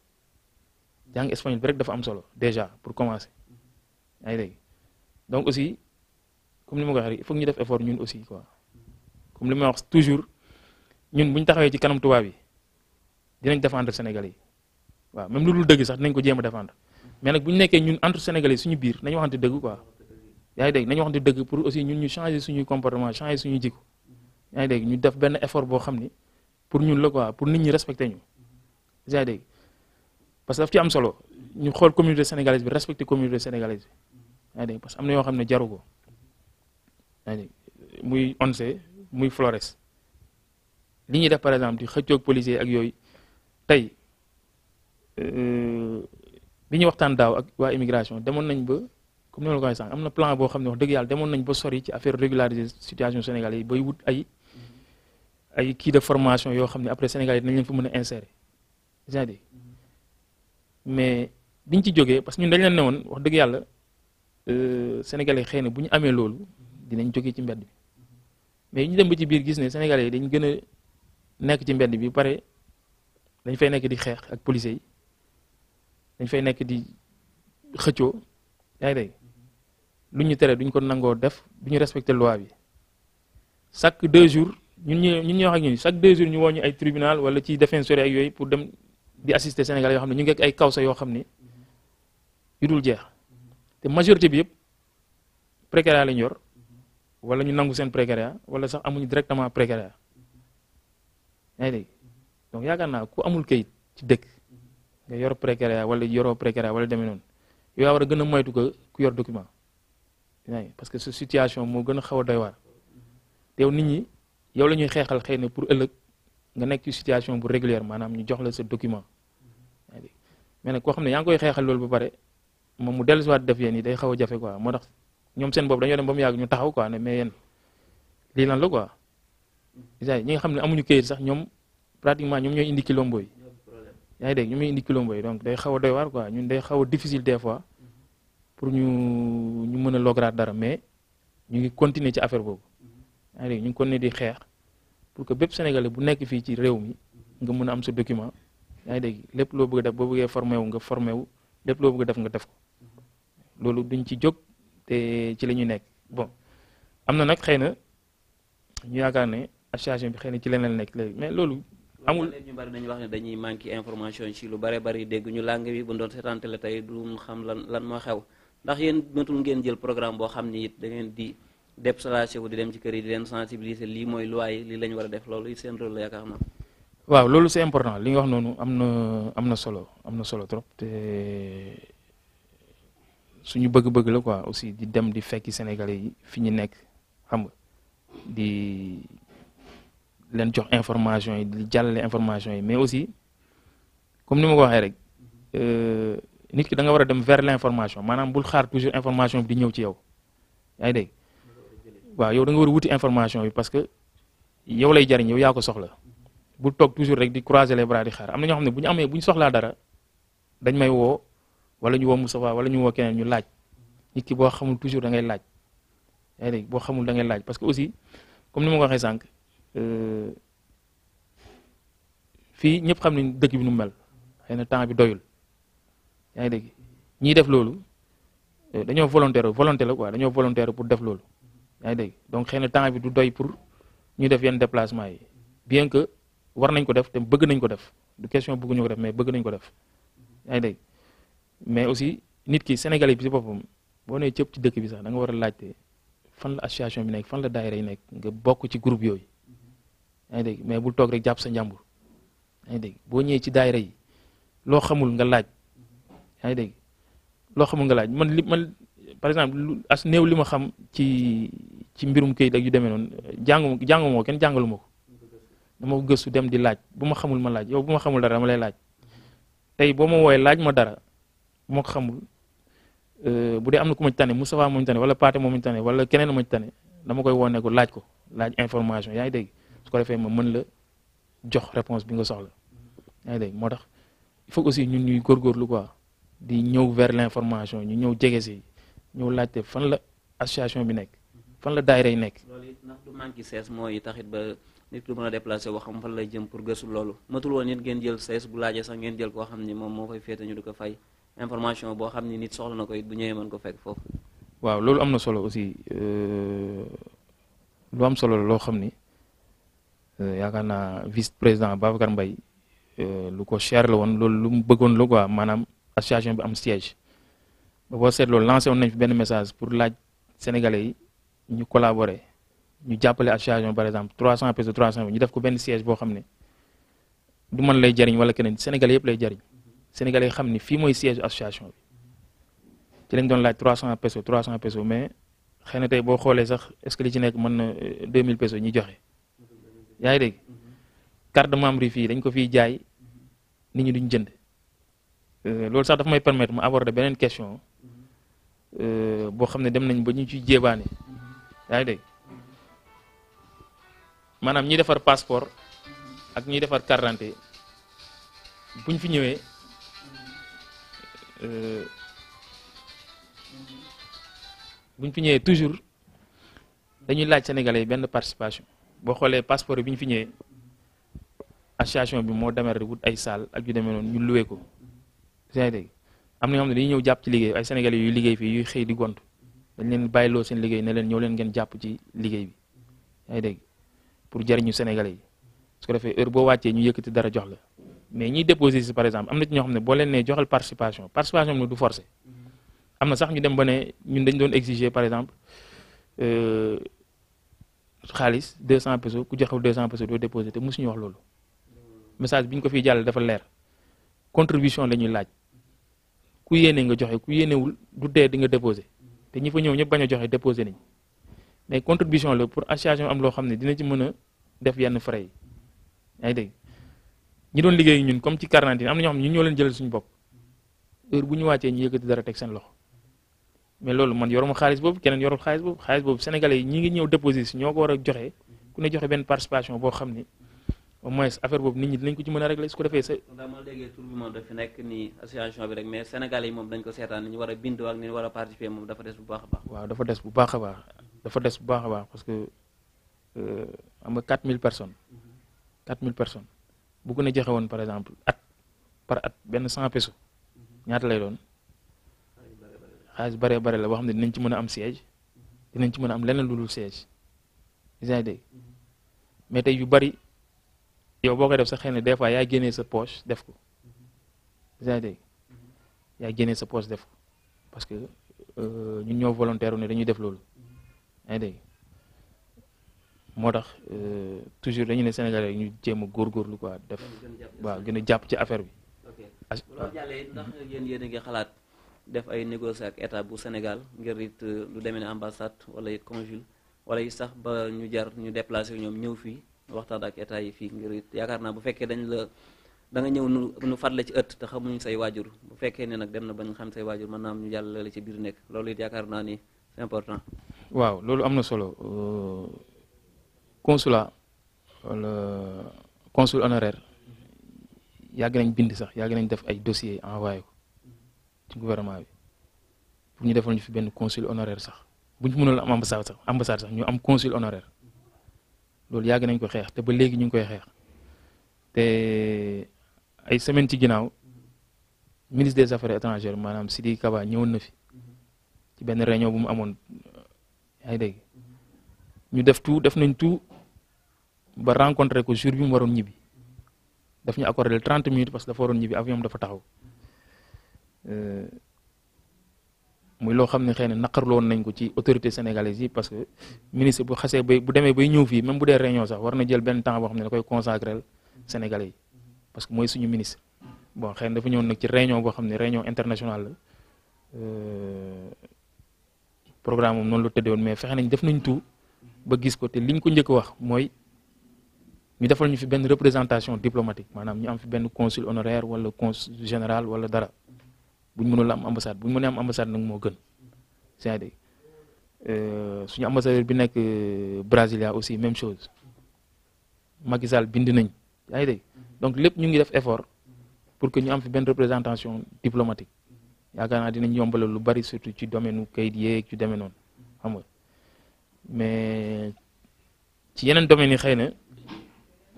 jàng espagnol bi rek dafa am solo déjà pour commencer yaa ngi donc aussi comme ni ma ko waxee il faut ñu def effort ñun aussi quoi comme li ma wax toujours ñun bu taxawee ci kanam tubaab yi dinañ défendre Sénégal yi waaw même lu dul dëgg sax nañ ko jéem a défendre. mais nag bu ñu nekkee ñun entre sénégalais suñu biir nañu waxante dëgg quoi yaa ngi dégg nañu waxante dëgg pour aussi ñun ñu changer suñuy comportement changer suñuy jikko yaa ngi dégg ñu def benn effort boo xam ni pour ñun la quoi pour nit ñi respecter ñu yaa ngi dégg parce que daf ci am solo ñu xool communauté sénégalaise bi respecter communauté sénégalaise bi yaa ngi dégg parce que am na yoo xam ne jaru ko yaa ngi dégg muy onse muy flores li ñuy def par exemple di xëccoog policier ak yooyu euh, bi ñu waxtaan daaw ak waa immigration demoon nañ ba comme ni ma la ko am na plan boo xam ne wax dëgg yàlla demoon nañ ba sori ci affaire régulariser situation sénégalais yi bay wut ay kii de formation yoo xam ne après sénégalais dinañ leen fa mën a insérer c'est-à-dire mais biñ ci jógee parce que ñun dañ leen ne woon wax dëgg yàlla euh, sénégalais xëy na bu ñu amee loolu dinañ jógee ci mbedd bi mais ñu dem ba ci biir gis ne sénégalais yi dañ gën a nekk ci mbedd bi pare dañ fay nekk di xeex ak policiers dañ fay nekk di xëccoo yaa ngi lu ñu tere duñ ko nangoo def du ñu respecté loi bi chaque deux jours ñun ñu ngi ñuy wax ak ñun chaque deux jours ñu woo ay tribunal wala ci défenseur ak yooyu pour dem di assister Sénégal yoo xam ne ñu ngi ak ay kawsa yoo xam ne yu dul jeex te majorité bi yëpp précaria lañ yor wala ñu nangu seen précaria wala sax amuñu directement précaria yaa ngi donc yaakaar naa ku amul kayit ci dëkk nga yor précaria wala yoroo précaria wala deme noonu yow yaa war a gën a moytu ko ku yor document parce que su situation moo gën a xaw a doy waar te yow nit ñi yow la ñuy xeexal xëy na pour ëllëg nga nekk ci situation bu régulière maanaam ñu jox la sa document mais nag koo xam ne yaa ngi koy xeexal loolu ba pare moom mu dellusiwaat def yéen yi day xaw a jafe quoi moo tax ñoom seen bopp dañoo dem ba mu yàgg ñu taxaw quoi ne mais yéen lii lan la quoi. ñi nga xam ne amuñu këyit sax ñoom pratiquement ñoom ñooy indi kilombo yi yaa ngi dégg ñu muy indi kilombo yi donc day xaw a doy waar quoi ñun day xaw a difficile des fois pour ñu ñu mën a lograat dara mais ñu ngi continuer ci affaire boobu yaa ngi dégg ñu ngi di xeex pour que bépp sénégalais bu nekk fii ci réew mi nga mën a am sa document yaa ngi dégg lépp loo bëgg def boo bëggee formé wu nga formé wu lépp loo bëgg a def nga def ko loolu duñ ci jóg te ci la ñu nekk bon am na nag xëy na ñu yaakaar ne association bi xëy na ci leneen nekk léegi mais loolu amul ñu bari dañuy wax ne dañuy manqué information ci lu bare bari dégg ñu làng bi bu doon seetaan télé tey du xam lan lan moo xew ndax yéen matul ngeen jël programme boo xam ni it da ngeen di déplacé wu di dem ci kër yi di leen sensibiliser li mooy loi yi lii la ñu war a def loolu seen rôle la yaakaar naa. waaw loolu c'est important li nga wax noonu am na am na solo am na solo trop te suñu bëgg-bëgg la quoi aussi di dem di fekki Sénégalais yi fi ñu nekk xam nga di. leen jox information yi di jàllale information yi mais aussi comme ni ma ko waxee rek euh, nit ki da nga war a dem vers l' information maanaam bul xaar toujours information bi di ñëw ci yow yaa ngi waaw yow da nga war wuti information yi parce que yow lay jariñ yow yaa ko soxla bul toog toujours rek di croiser les bras di xaar am na ñoo xam ne bu ñu amee buñ ñu soxlaa dara dañ may woo wala ñu woo Moustapha wala ñu woo keneen ñu laaj nit ki boo xamul toujours da ngay laaj yaa boo xamul da ngay laaj parce que aussi comme ni ma waxee sànq. Euh, fii ñëpp xam nañ dëkk bi nu mel xëy na temps bi doyul yaa ngi dégg ñiy def loolu euh, dañoo volontaire volonté la quoi dañoo volontaire pour def loolu yaa ngi dégg donc xëy na temps bi du doy pour ñu def yenn déplacement yi bien que war nañ ko def te bëgg nañ ko def du question bëgguñu ko def mais bëgg nañ ko def yaa ngi dégg mais aussi nit ki Sénégalais bi si boppam boo nee cëpp ci dëkk bi sax da nga war a laajte fan la association bi nekk fan la daayira yi nekk nga bokk ci groupe yooyu yaa dégg mais bul toog rek jàpp sa njàmbur yaa dégg boo ñëwee ci daayira yi loo xamul nga laaj yaa ngi dégg loo xamul nga laaj man li man par exemple lu as néew li ma xam ci ci mbirum këyit ak yu demee noonu jàngu jàngu moo kenn jàngaluma ko dama ko gëstu dem di laaj bu ma xamul ma laaj yow bu ma xamul dara dama lay laaj tey boo ma wooyee laaj ma dara bu ma xamul euh, bu dee am na ku ma ci tane Moustapha moo ci tane wala Paate moo ma tane wala keneen moo ci tane dama koy woo ne ko laaj information yaa ngi dégg su ko defee ma mën la jox réponse bi nga soxla yaa ngi dégg moo tax il faut aussi ñun ñuy lu quoi di ñëw vers l' information ñu ñëw jege si ñëw laajte fan la association bi nekk fan la daayira yi nekk. loolu it ndax du manqué sees mooy taxit ba nit ku mën a déplacé boo xam fan lay jëm pour gëstu loolu matul woon nit ngeen jël sees bu laajee sax ngeen jël koo xam ni moom moo koy féete ñu di ko fay information boo xam ni nit soxla na ko bu ñëwee mën ko fekk foofu. waaw loolu Euh, yaakaar naa vice président Babacar Mbaye euh, lu ko cher la woon loolu lu mu bëggoon la quoi maanaam association bi am siège ba boo seet loolu lancé woon nañ fi benn message pour laaj sénégalais yi ñu collaborer ñu jàppale association par exemple 300 pesos 300 ñu def ko benn siège boo xam ne du man lay jariñ wala keneen sénégalais yëpp lay jariñ sénégalais yi xam ni fii mooy siège association bi ci lañ doon laaj 300 pesos 300 pesos mais xëy na tey boo xoolee sax est-ce que li ci nekk mën na 2000 pesos ñi joxe. yaa ngi dégg carte de membre yi fii dañ ko fiy jaay nit ñi duñ jënd euh, loolu sax dafa may permettre mu aborder beneen question euh, boo xam ne dem nañ ba ñu ciy jéebaane yaa ngi dégg maanaam ñiy defar passeport ak ñiy defar carte buñ fi ñëwee euh, buñ fi ñëwee toujours dañuy laaj sénégalais benn participation boo xoolee passeport bi ñu fi ñëwee association bi moo demer wut ay salle ak yu demee noonu ñu luwee ko seen dégg am na ñoo xam ne dañuy ñëw jàpp ci liggéey ay sénégalais yuy liggéey fii yuy xëy di gont dañ leen bàyyiloo seen liggéey ne leen ñëw leen ngeen jàpp ci liggéey bi yaa dégg pour jariñu sénégalais yi su ko defee boo wàccee ñu yëkkati dara jox la mais ñiy déposé si par exemple am na ñoo xam ne boo leen nee joxal participation participation bi du forcé am na sax ñu dem ba ne ñun dañ doon exiger par exemple euh, xaalis 200 pesos ku joxewul 200 pesos doo déposé te mosuñu wax loolu message bi ñu ko fiy jàll dafa leer contribution la ñuy laaj ku yéene nga joxe ku yéenewul du dee di nga déposé te ñi fa ñëw ñëpp bañ a joxe déposé nañ mais contribution la pour association am loo xam ne dina ci mën a def yenn frais yi yaa ngi dégg ñi doon liggéey ñun comme ci quarantaine am na ñoo xam ne ñun ñoo leen jëlal suñu bopp heure bu ñu wàccee ñu yëkkati dara teg seen loxo. mais loolu man yoruma xaalis boobu keneen yorul xaalis boobu xaalis boobu sénégalais yi ñi ngi ñëw déposé si ñoo ko war a joxe ku ne joxe benn participation boo xam ni au moins affaire boobu nit ñi dinañ ko ci mën a réglé su ko defee sa. daa ni association bi rek mais sénégalais yi moom dañ ko seetaan ni ñu war a bindu ak a participer moom dafa des bu baax a baax. waaw dafa des bu baax baax dafa des bu baax a baax parce que euh, am nga mille personnes. 4000 personnes bu ko ne joxe woon par exemple at par at benn 100 pesos ñaata lay doon. xaalis bare bare la boo xam ne dinañ ci mën a am siège dinañ ci mën a am leneen lu dul siège yaa mais tey yu bari yow boo koy def sa xëy na des fois yaa génnee sa poche def ko yaa ngi dégg sa poche def ko parce que euh, ñun ñoo volontaire ne dañuy def loolu yaa ngi dégg moo tax euh, toujours dañu ne Sénégalais ñu jéem a góorgóorlu quoi def waaw gën jàpp ci affaire bi. ok loolu def ay négocier ak état bu Sénégal ngir it euh, lu demee ne ambassade wala it consul wala it sax ba ñu jar ñu déplacé ñoom ñëw fii waxtaan ak état yi fii ngir it yaakaar naa bu fekkee dañ la danga ñëw nu nu la ci ëtt te xamuñu say waajur bu fekkee ne nag dem na ba ñu xam say waajur mën naa am ñu jàllale la ci biir loolu it yaakaar important. waaw loolu am na solo euh, consulat wala consul honoraire yàgg nañ bind sax yàgg nañ def ay dossier envoyé ko. ci gouvernement bi pour ñu defal ñu fi benn consul honoraire sax bu ñu mënul am ambassade sax ambassade sax ñu am consul honoraire loolu yàgg nañ ko xeex te ba léegi ñu ngi koy xeex te ay semaine ci ginnaaw ministre des affaires étrangères maanaam Sidi Kaba ñëwoon na fi ci benn réunion bu mu amoon yaa ngi dégg ñu def tout def nañ tout ba rencontré ko jour bi mu waroon ñibbi daf ñu accordé 30 minutes parce que dafa waroon ñibbi avion dafa taxaw. Euh, muy loo xam ne xëy na naqarlu woon nañ ko ci autorité sénégalaise yi parce que ministre bu xasee bay bu demee bay ñëw fii même bu dee réunion sax war na jël benn temps boo xam ne da koy consacrel sénégalais yi parce que mooy suñu ministre bon xëy na dafa ñëwoon nag ci réunion boo xam ne réunion internationale la euh, programme moom noonu la tëddee woon mais fexe nañ def nañ tout ba gis ko te liñ ko njëkk wax mooy ñu defal ñu fi benn représentation diplomatique maanaam ñu am fi benn consul honoraire wala consul général wala dara buñ mënul am ambassade buñ mënee am ambassade nag moo gën c'est-à-dire euh, suñu ambassadeur bi nekk euh, Brasilia aussi même chose Macky Sall bind nañ yaa ngi dégg donc lépp ñu ngi def effort pour que ñu am fi benn représentation diplomatique yaakaar naa dinañ yombalal lu bari surtout ci domaine kayit yeeg ci demee noonu xam mais ci yeneen domaines yi xëy na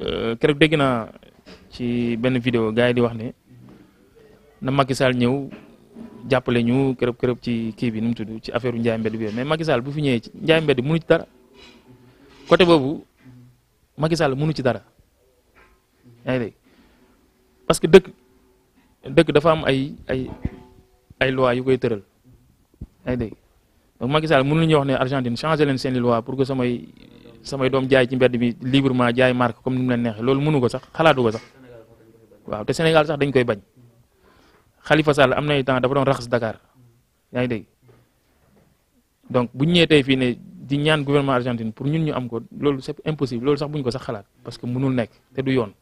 euh, keroog dégg naa ci benn vidéo gars di wax ne na Macky ñëw. jàppale ñu kërëb kërëb ci kii bi nu mu tudd ci affaire njaay mbedd bi mais Macky Sall bu fi ñëwee njaay mbedd mënu ci dara côté boobu Macky Sall ci dara yaa parce que dëkk dëkk dafa am ay ay ay loi yu koy tëral yaa ngi dégg donc Macky Sall mënu ñu wax ne Argentine changé leen seen i loi pour que samay samay doom jaay ci mbedd mi librement jaay marque comme ni mu leen neexee loolu mënu ko sax xalaatu ko sax waaw te Sénégal sax dañ koy bañ. xalifa Sall am nay temps dafa doon raxas Dakar yaa ngi dégg donc bu ñu ñëwee fii ne di ñaan gouvernement Argentine pour ñun ñu am ko loolu c'est impossible loolu sax buñ ko sax xalaat parce que mënul nekk te du yoon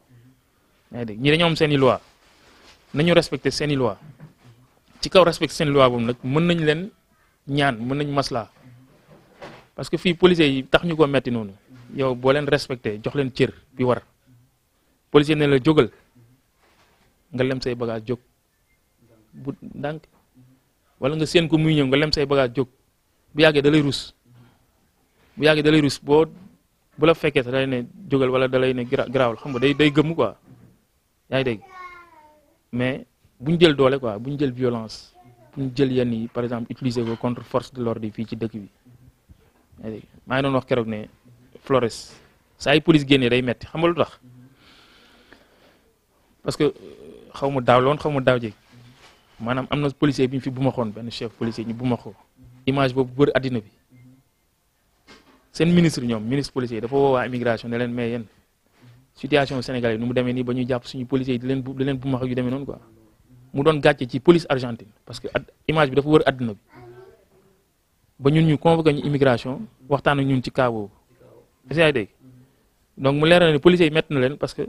yaa ngi dégg ñi dañoo am seen i loi nañu respecté seen i loi ci kaw respecté seen loi nag mën nañ leen ñaan mën nañ maslaa parce que fii policiers yi tax ñu ko metti noonu yow boo leen respecté jox leen cër bi war policier ne la jógal nga lem say bagage jóg bu ndànk wala nga séen ko muy ñëw nga lem say bagage jóg bu yàggee da lay rus bu yàggee da lay rus boo bu fekkee sax da ne jógal wala da lay ne garaawul xam nga day day gëmm quoi yaa ngi dégg mais bu ñu jël doole quoi bu ñu jël violence bu ñu jël yenn yi par exemple utiliser ko contre force de l'ordre yi fii ci dëkk bi yaa ngi dégg maa ngi doon wax ne Flores saa yi police génnee day metti xam nga lu tax parce que xaw ma daaw loon xaw ma daaw jéeg maanaam am na policier bi ñu fi bu ma benn chef policier ñu bu ma xoo image boobu bër àddina bi seen ministre ñoom ministre policier dafa woowaa immigration ne leen mais yéen situation Sénégal yi nu mu demee nii ba ñuy jàpp suñu policier yi di leen di leen bu ma yu demee noonu quoi mu doon gàcce ci police argentine parce que image bi dafa wër àddina bi ba ñun ñu convoqué ñu immigration waxtaan ak ñun ci cas boobu est donc mu leeral ne policier yi na leen parce que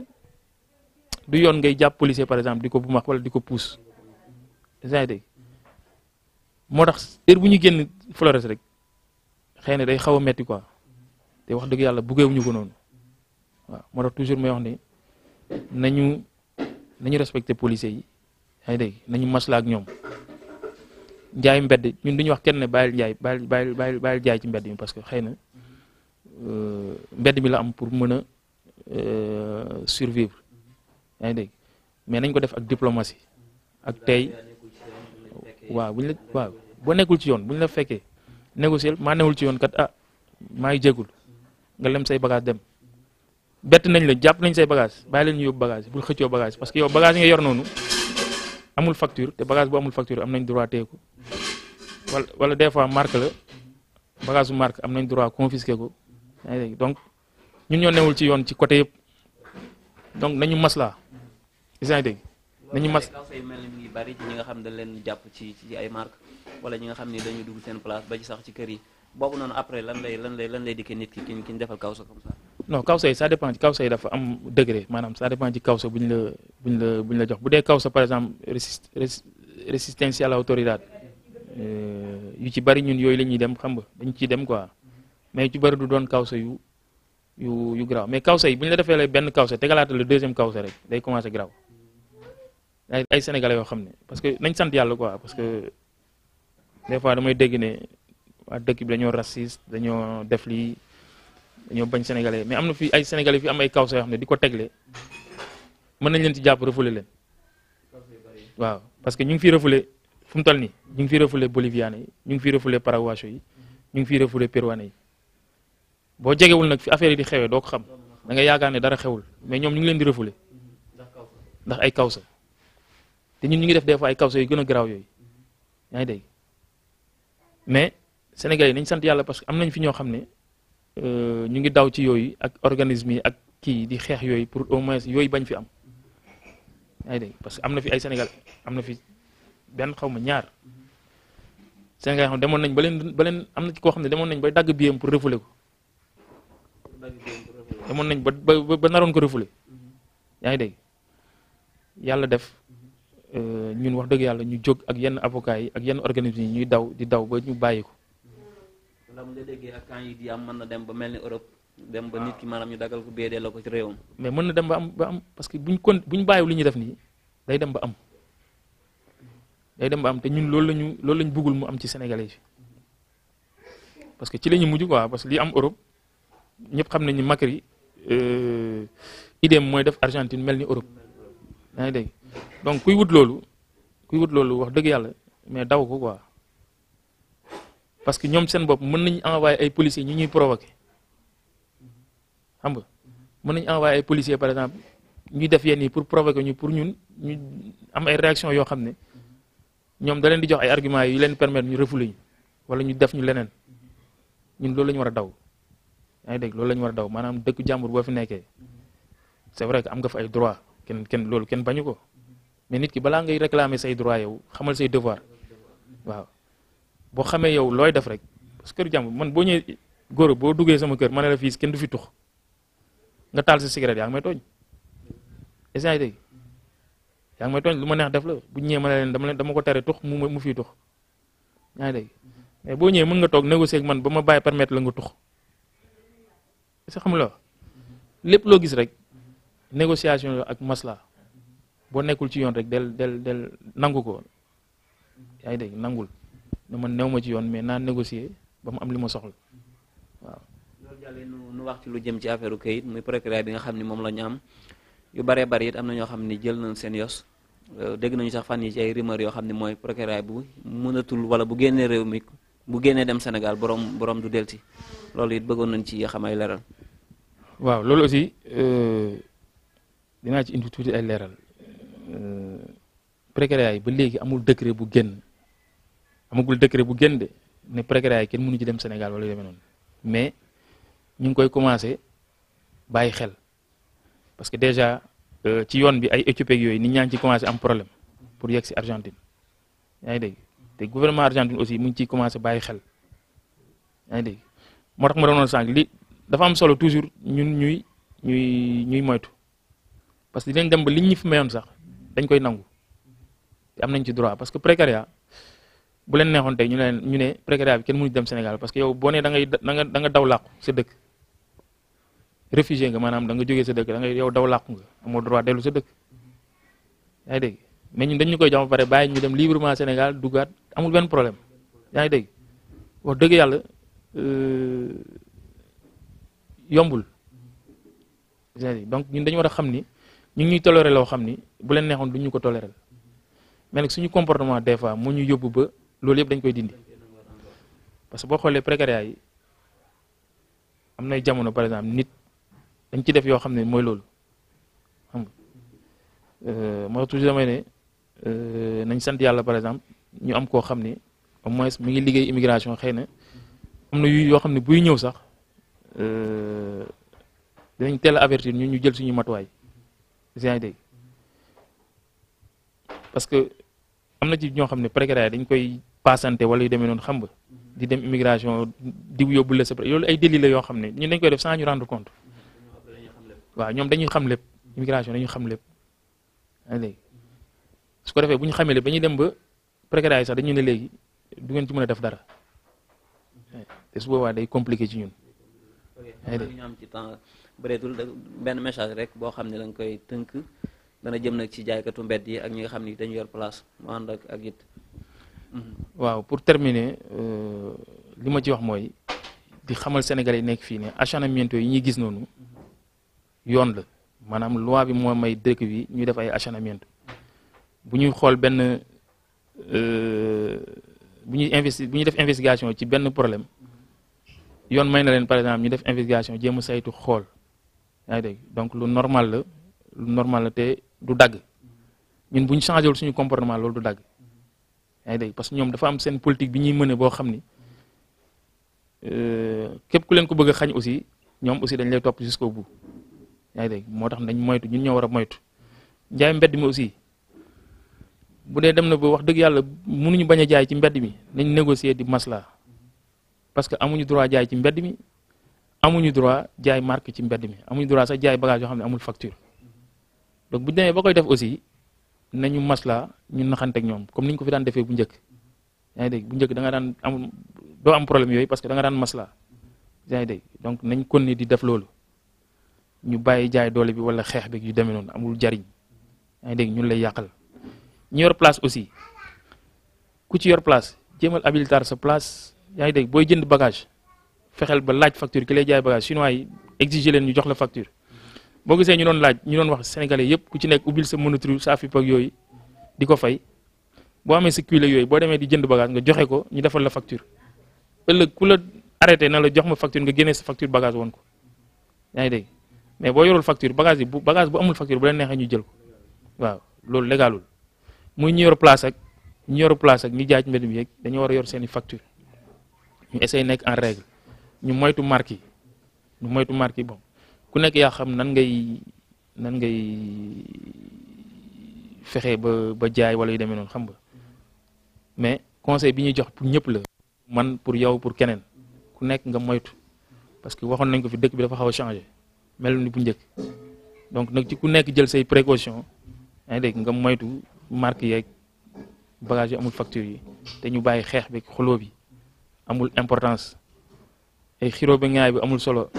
du yoon ngay jàpp policier par exemple di ko bu max wala di ko pousse yaa moo tax heure bu ñu génn Flores rek xëy na day xaw a metti quoi te wax dëgg yàlla buggeewuñu ko noonu waaw moo tax toujours may wax ni nañu nañu respecté policiers yi yaa ngi dégg nañu masla ak ñoom njaay mbedd ñun duñu wax kenn ne bàyyil njaay bàyyil bàyyil bàyyil jaay ci mbedd mi parce que xëy na euh, mbedd mi la am pour mën a euh, survivre yaa ngi mais nañ ko def ak diplomatie ak tey waaw bu ñu la waaw boo nekkul ci yoon bu ñu la fekkee négocier maa newul ci yoon kat ah maa ngi jégul nga lem say bagage dem bett nañ la jàpp nañ say bagage bàyyi leen ñu yóbbu bagage bul xëccoo bagage parce que yow bagage nga yor noonu amul facture te bagage boo amul facture am nañ droit téye ko wala wala des fois marque la bagage su am nañ droit confisquer ko donc ñun ñoo newul ci yoon ci côté yëpp donc nañu maslaa gis nga dégg nañu mas kaw say mel ni mi bari ci nga xam ne dañ leen jàpp ci wala ñi nga xam ne dañu dugg seen place ba ci sax ci kër yi boobu noonu après lan lay lan lay lan lay dikkee nit ki ki ñu defal kaw sa comme ça non kaw sa yi dafa am degré maanaam ça dépend ci kaw sa bu ñu la bu ñu la bu ñu la jox bu dee kaw sa par exemple résistance à l'autorité euh, yu ci bari ñun yooyu lañuy dem xam nga dañ ciy dem quoi mais yu ci bari du doon kaw sa yu yu graw mais kaw yi bu ñu la defee lay benn kaw sa tegalaatal deuxième kaw sa rek day commencé graw ay ay sénégalais yoo xam ne parce que nañ sant yàlla quoi parce que des fois damay dégg ne waa dëkk bi dañoo raciste dañoo def lii dañoo bañ sénégalais mais am na fi ay sénégalais fi am ay kawsa yoo xam ne di ko tegle mën nañ leen ci jàpp refoulé leen waaw parce que ñu ngi fi refoulé fu mu toll nii ñu ngi fi refoulé boliviane yi ñu ngi fi refoulé paraguacho yi ñu ngi fi refoulé péruane yi boo jegewul nag fi affaire yi di xewee doo xam da nga yaakaar ne dara xewul mais ñoom ñu ngi leen di refoulé ndax ay kawsa te ñun ñu ngi def des fois ay kaw yu gën a garaaw yooyu yaa ngi dégg mais Sénégalais yi nañ sant yàlla parce que am nañ fi ñoo xam ne euh, ñu ngi daw ci yooyu ak organisme yi ak kii yi di xeex yooyu pour au moins yooyu bañ fi am yaa ngi parce que am na fi ay Sénégal am na fi benn xaw ma ñaar Sénégal xam demoon nañ ba leen ba am na koo xam ne demoon nañ ba dagg biyam pour réfule ko demoon nañ ba ba naroon ko refoulé yaa ngi dégg yàlla def. Euh, ñun wax dëgg yàlla ñu jóg ak yenn avocats yi ak yenn organisme yi ñuy daw di daw ba ñu bàyyi ko. la mu déggee ak camp am mën na dem ba mel ni Europe. dem ba nit ki maanaam ñu dagal ko béedee la ko ci réewam. mais mën na dem ba am ba am parce que buñ kon buñ bàyyiw li ñuy def nii day dem ba am. day dem ba am te ñun loolu lañu loolu lañu bëggul mu am ci Sénégalais yi parce que ci la ñu mujj quoi parce que li am Europe ñëpp xam nañu Macri euh, idée mooy def Argentine mel ni Europe ngi dégg. donc kuy wut loolu kuy wut wax dëgg yàlla mais daw ko quoi parce que ñoom seen bopp mën nañu envoyé ay policiers ñu ñuy provoqué xam nga mën nañu envoyé ay policiers par exemple ñuy def yenn yi pour provoquer ñu pour ñun ñu am ay réaction yoo xam ne ñoom da leen di jox ay arguments yu leen permettre ñu refoulé ñu wala ñu def ñu leneen ñun loolu la ñu war a daw yaa ngi dégg loolu la ñu war a daw maanaam dëkk jàmbur boo fi nekkee c'est vrai que am nga fa ay droit kenn kenn loolu kenn bañu ko mais nit ki balaa ngay réclamer say droit yow xamal say devoir waaw boo xamee yow looy def rek su kër jàmm man boo ñëwee góor boo duggee sama kër ma ne la fii kenn du fi tux nga taal sa cigarette yaa ngi may tooñ est-ce que dégg yaa ngi may tooñ lu ma neex def la bu ñëwee ma leen dama leen dama ko tere tux mu mu fiy tux yaa boo ñëwee mën nga toog négocier ak man ba ma bàyyi permettre la nga tux est-ce que lépp loo gis rek négociation ak masla boo nekkul ci yoon rek del del del nangu ko yaa ngi dégg nangul ne man new ma ci yoon mais naa négocier ba mu am li ma soxla waaw. loolu jàllee nu wax ci lu jëm ci affaire kayit muy bi nga xam ni moom la ñu am baree bari am na ñoo xam ni jël nañ seen yos euh, dégg nañu sax fan yi ci ay rumeur yoo xam ne mooy procureur bu mënatul wala bu génnee réew mi bu génnee dem Sénégal borom borom du delti loolu it bëggoon nañ ci xam ay leeral. waaw loolu aussi euh, dinaa ci indi tuuti ay leeral. Euh, précaires yi ba léegi amul décret bu gën amagul décret bu génn de ne précaires yi kenn mënu ci dem Sénégal wala demee mais ñu ngi koy commencé bàyyi xel parce que déjà euh, ci yoon bi ay éthiopie yooyu nit ñaa ngi ci commencé am problème pour yegg si Argentine yaa ngi dégg te gouvernement Argentine aussi mu ngi ciy commencé bàyyi xel yaa ngi dégg moo tax ma doon sànq li dafa am solo toujours ñun ñuy ñuy ñuy moytu parce que dinañ dem ba liñ ñu fi mayoon sax. dañ koy nangu am nañ ci droit parce que précaria bu leen neexoon tey ñu ne ñu ne précaria bi kenn mënu dem Sénégal parce que yow boo nee da ngay da daw làqu sa dëkk réfugié nga maanaam da nga jógee sa dëkk da ngay yow daw làqu nga amoo droit dellu sa dëkk yaa ngi dégg mais ñun dañ ñu koy jox ba pare bàyyi ñu dem librement Sénégal duggaat amul benn problème yaa ngi dégg wax dëgg yàlla euh, yombul donc ñun dañu war a xam ni ñu ngi ñuy toléré loo xam ni bu leen neexoon du ñu ko tolérer mais nag suñu comportement des fois mu ñu yóbbu ba loolu yëpp dañ koy dindi parce que boo xoolee précaria yi am nay jamono par exemple nit dañ ci def yoo xam ne mooy loolu xam nga euh, moo toujours damay ne euh, nañ sant yàlla par exemple ñu am koo xam ne au moins mi ngi liggéey immigration xëy na am na yu yoo xam ne buy ñëw sax euh, dañ teel a ñu ñu jël suñu matuwaay si parce que am na ci ñoo xam ne précaire dañ koy passante wala yu demee noonu xam nga di dem immigration diw yóbbu la sa loolu ay délit yoo xam ne ñun dañ koy def sans ñu rendre compte waaw ñoom dañuy xam lépp immigration dañuy xam lépp léegi su ko defee bu ñu xamee lépp dañuy dem ba précaire sax dañuy ne léegi du ngeen ci mën a def dara te su boobaa day compliqué ci ñun. ñu am ci temps benn message rek boo xam ne lañ koy tënk. dana jëm nag ci jaaykatu mbedd yi ak ñi xam ni dañu yor place mu ànd ak ak it. Mhm. waaw pour terminer euh, li ma ci wax mooy di xamal Sénégalais yi nekk fii ne achanamiento yi ñuy gis noonu yoon la maanaam loi bi moo may dëkk bi ñuy def ay achanamiento bu ñuy xool benn euh, bu ñuy investi bu ñuy def investigation ci benn problème yoon may na leen par exemple ñu def investigation jéem a saytu xool donc lu normal la lu normal la te du dagg ñun bu ñu changé wul suñu comportement loolu du dagg yaa parce que ñoom dafa am seen politique bi ñuy mëne boo xam ni euh, képp ku leen ko bëgg a xañ aussi ñoom aussi dañ lay topp jusqu'au bout yaa ngi dégg moo tax nañ moytu ñun ñoo war a moytu njaay mbedd mi aussi bu dee dem na ba wax dëgg yàlla mënuñu bañ a jaay ci mbedd mi nañ négocier di masla parce que amuñu droit jaay ci mbedd mi amuñu droit jaay marque ci mbedd mi amuñu droit sax jaay bagage yoo xam ne amul facture donc bu ñu demee ba koy def aussi nañu masla ñu naxanteeg ñoom comme ni ñu ko fi daan defee bu njëkk yaa ngi bu njëkk danga daan am doo am problème yooyu parce que da nga daan maslaa yaa ngi donc nañ kon ni di def loolu ñu bàyyi jaay doole bi wala xeex bi yu demee noonu amul jariñ yaa ngi ñun lay yàqal ñu yor place aussi ku ci yor place jéemal habilitar sa place yaa ngi dégg booy jënd bagage fexeel ba laaj facture ki lay jaay bagage chinois yi exiger leen ñu jox la facture boo gisee ñu doon laaj ñu doon wax sénégalais yëpp ku ci nekk ubbil sa monitru sa afip ak yooyu di ko fay boo amee sa cuile yooyu boo demee di jënd bagage nga joxe ko ñu defal la facture ëllëg ku la arrêté na la jox ma facture nga génnee sa facture bagage woon ko yaa ngi dégg mais boo yorul facture bagage yi bu bagage bu amul facture bu leen neexee ñu jël ko waaw loolu légalul muy ñu yor place ak ñu yor place ak ñu jaaj mbedd mi yeeg dañoo war a yor seen i ñu essayer nekk en règle ñu moytu marque yi ñu moytu marque yi bon ku nekk yaa xam nan ngay nan ngay fexe ba ba jaay wala yu demee noonu xam nga mais conseil bi ñuy jox pour ñëpp la man pour yow pour keneen ku nekk nga moytu parce que waxoon nañ ko fi dëkk bi dafa xaw a changé mel ni bu njëkk donc nag ci ku nekk jël say précaution yaa ngi dégg nga moytu marque yeeg bagage yi amul facture yi te ñu bàyyi xeex bi xuloo bi amul importance ay xiroo bi ngaay bi amul solo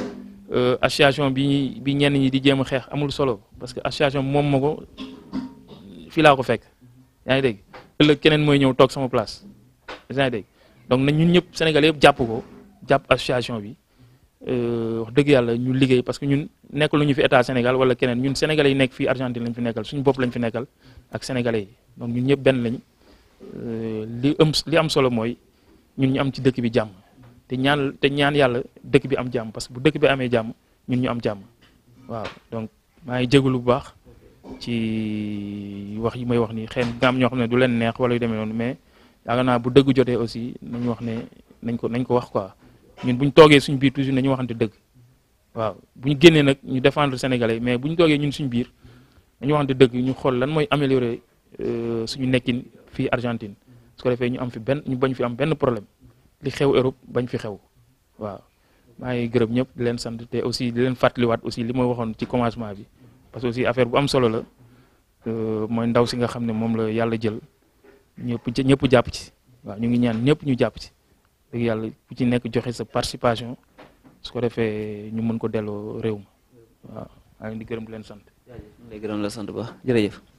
Euh, association bi bi ñenn ñi di jéem a xeex amul solo parce que association moom ma ko fii laa ko fekk yaa ngi dégg ëllëg keneen mooy ñëw toog sama place yaa ngi dégg donc nañ ñun ñëpp Sénégal yëpp jàpp ko jàpp association bi euh, wax dëgg yàlla ñu liggéey parce que ñun nekk lu fi état Sénégal wala keneen ñun sénégalais yi nekk fii Argentine lañ fi nekkal suñu bopp lañ fi nekkal ak sénégalais yi donc ñun ñëpp benn lañ euh, li am li am solo mooy ñun ñu am ci dëkk bi jàmm te ñaan te ñaan yàlla dëkk bi am jàmm parce que bu dëkk bi amee jàmm ñun ñu am jàmm waaw donc maa ngi jégalu bu baax ci wax yi may wax nii xëy na am ñoo xam ne du leen neex wala yu demee noonu mais yaakaar naa bu dëgg jotee aussi nañu wax ne nañ ko nañ ko wax quoi ñun bu toogee suñu biir toujours nañu waxante dëgg waaw bu ñu génnee nag ñu défendre Sénégalais mais bu ñu toogee ñun suñu biir nañu waxante dëgg ñu xool lan mooy améliorer euh, suñu nekkin fii Argentine su ko defee ñu am fi benn ñu bañ fi am benn problème. li xew Europe bañ fi xew waaw maa ngi gërëm ñëpp leen sant te aussi di leen fàttaliwaat aussi li ma waxoon ci commencement bi parce que aussi affaire bu am solo la euh, mooy ndaw si nga xam ne moom la yàlla jël ñëpp ñëpp jàpp ci waaw ñu ngi ñaan ñëpp ñu jàpp ci dëgg yàlla ku ci nekk joxe sa participation su ko defee ñu mën ko delloo réew ma waaw maa ngi di leen sant. jaajëf ñu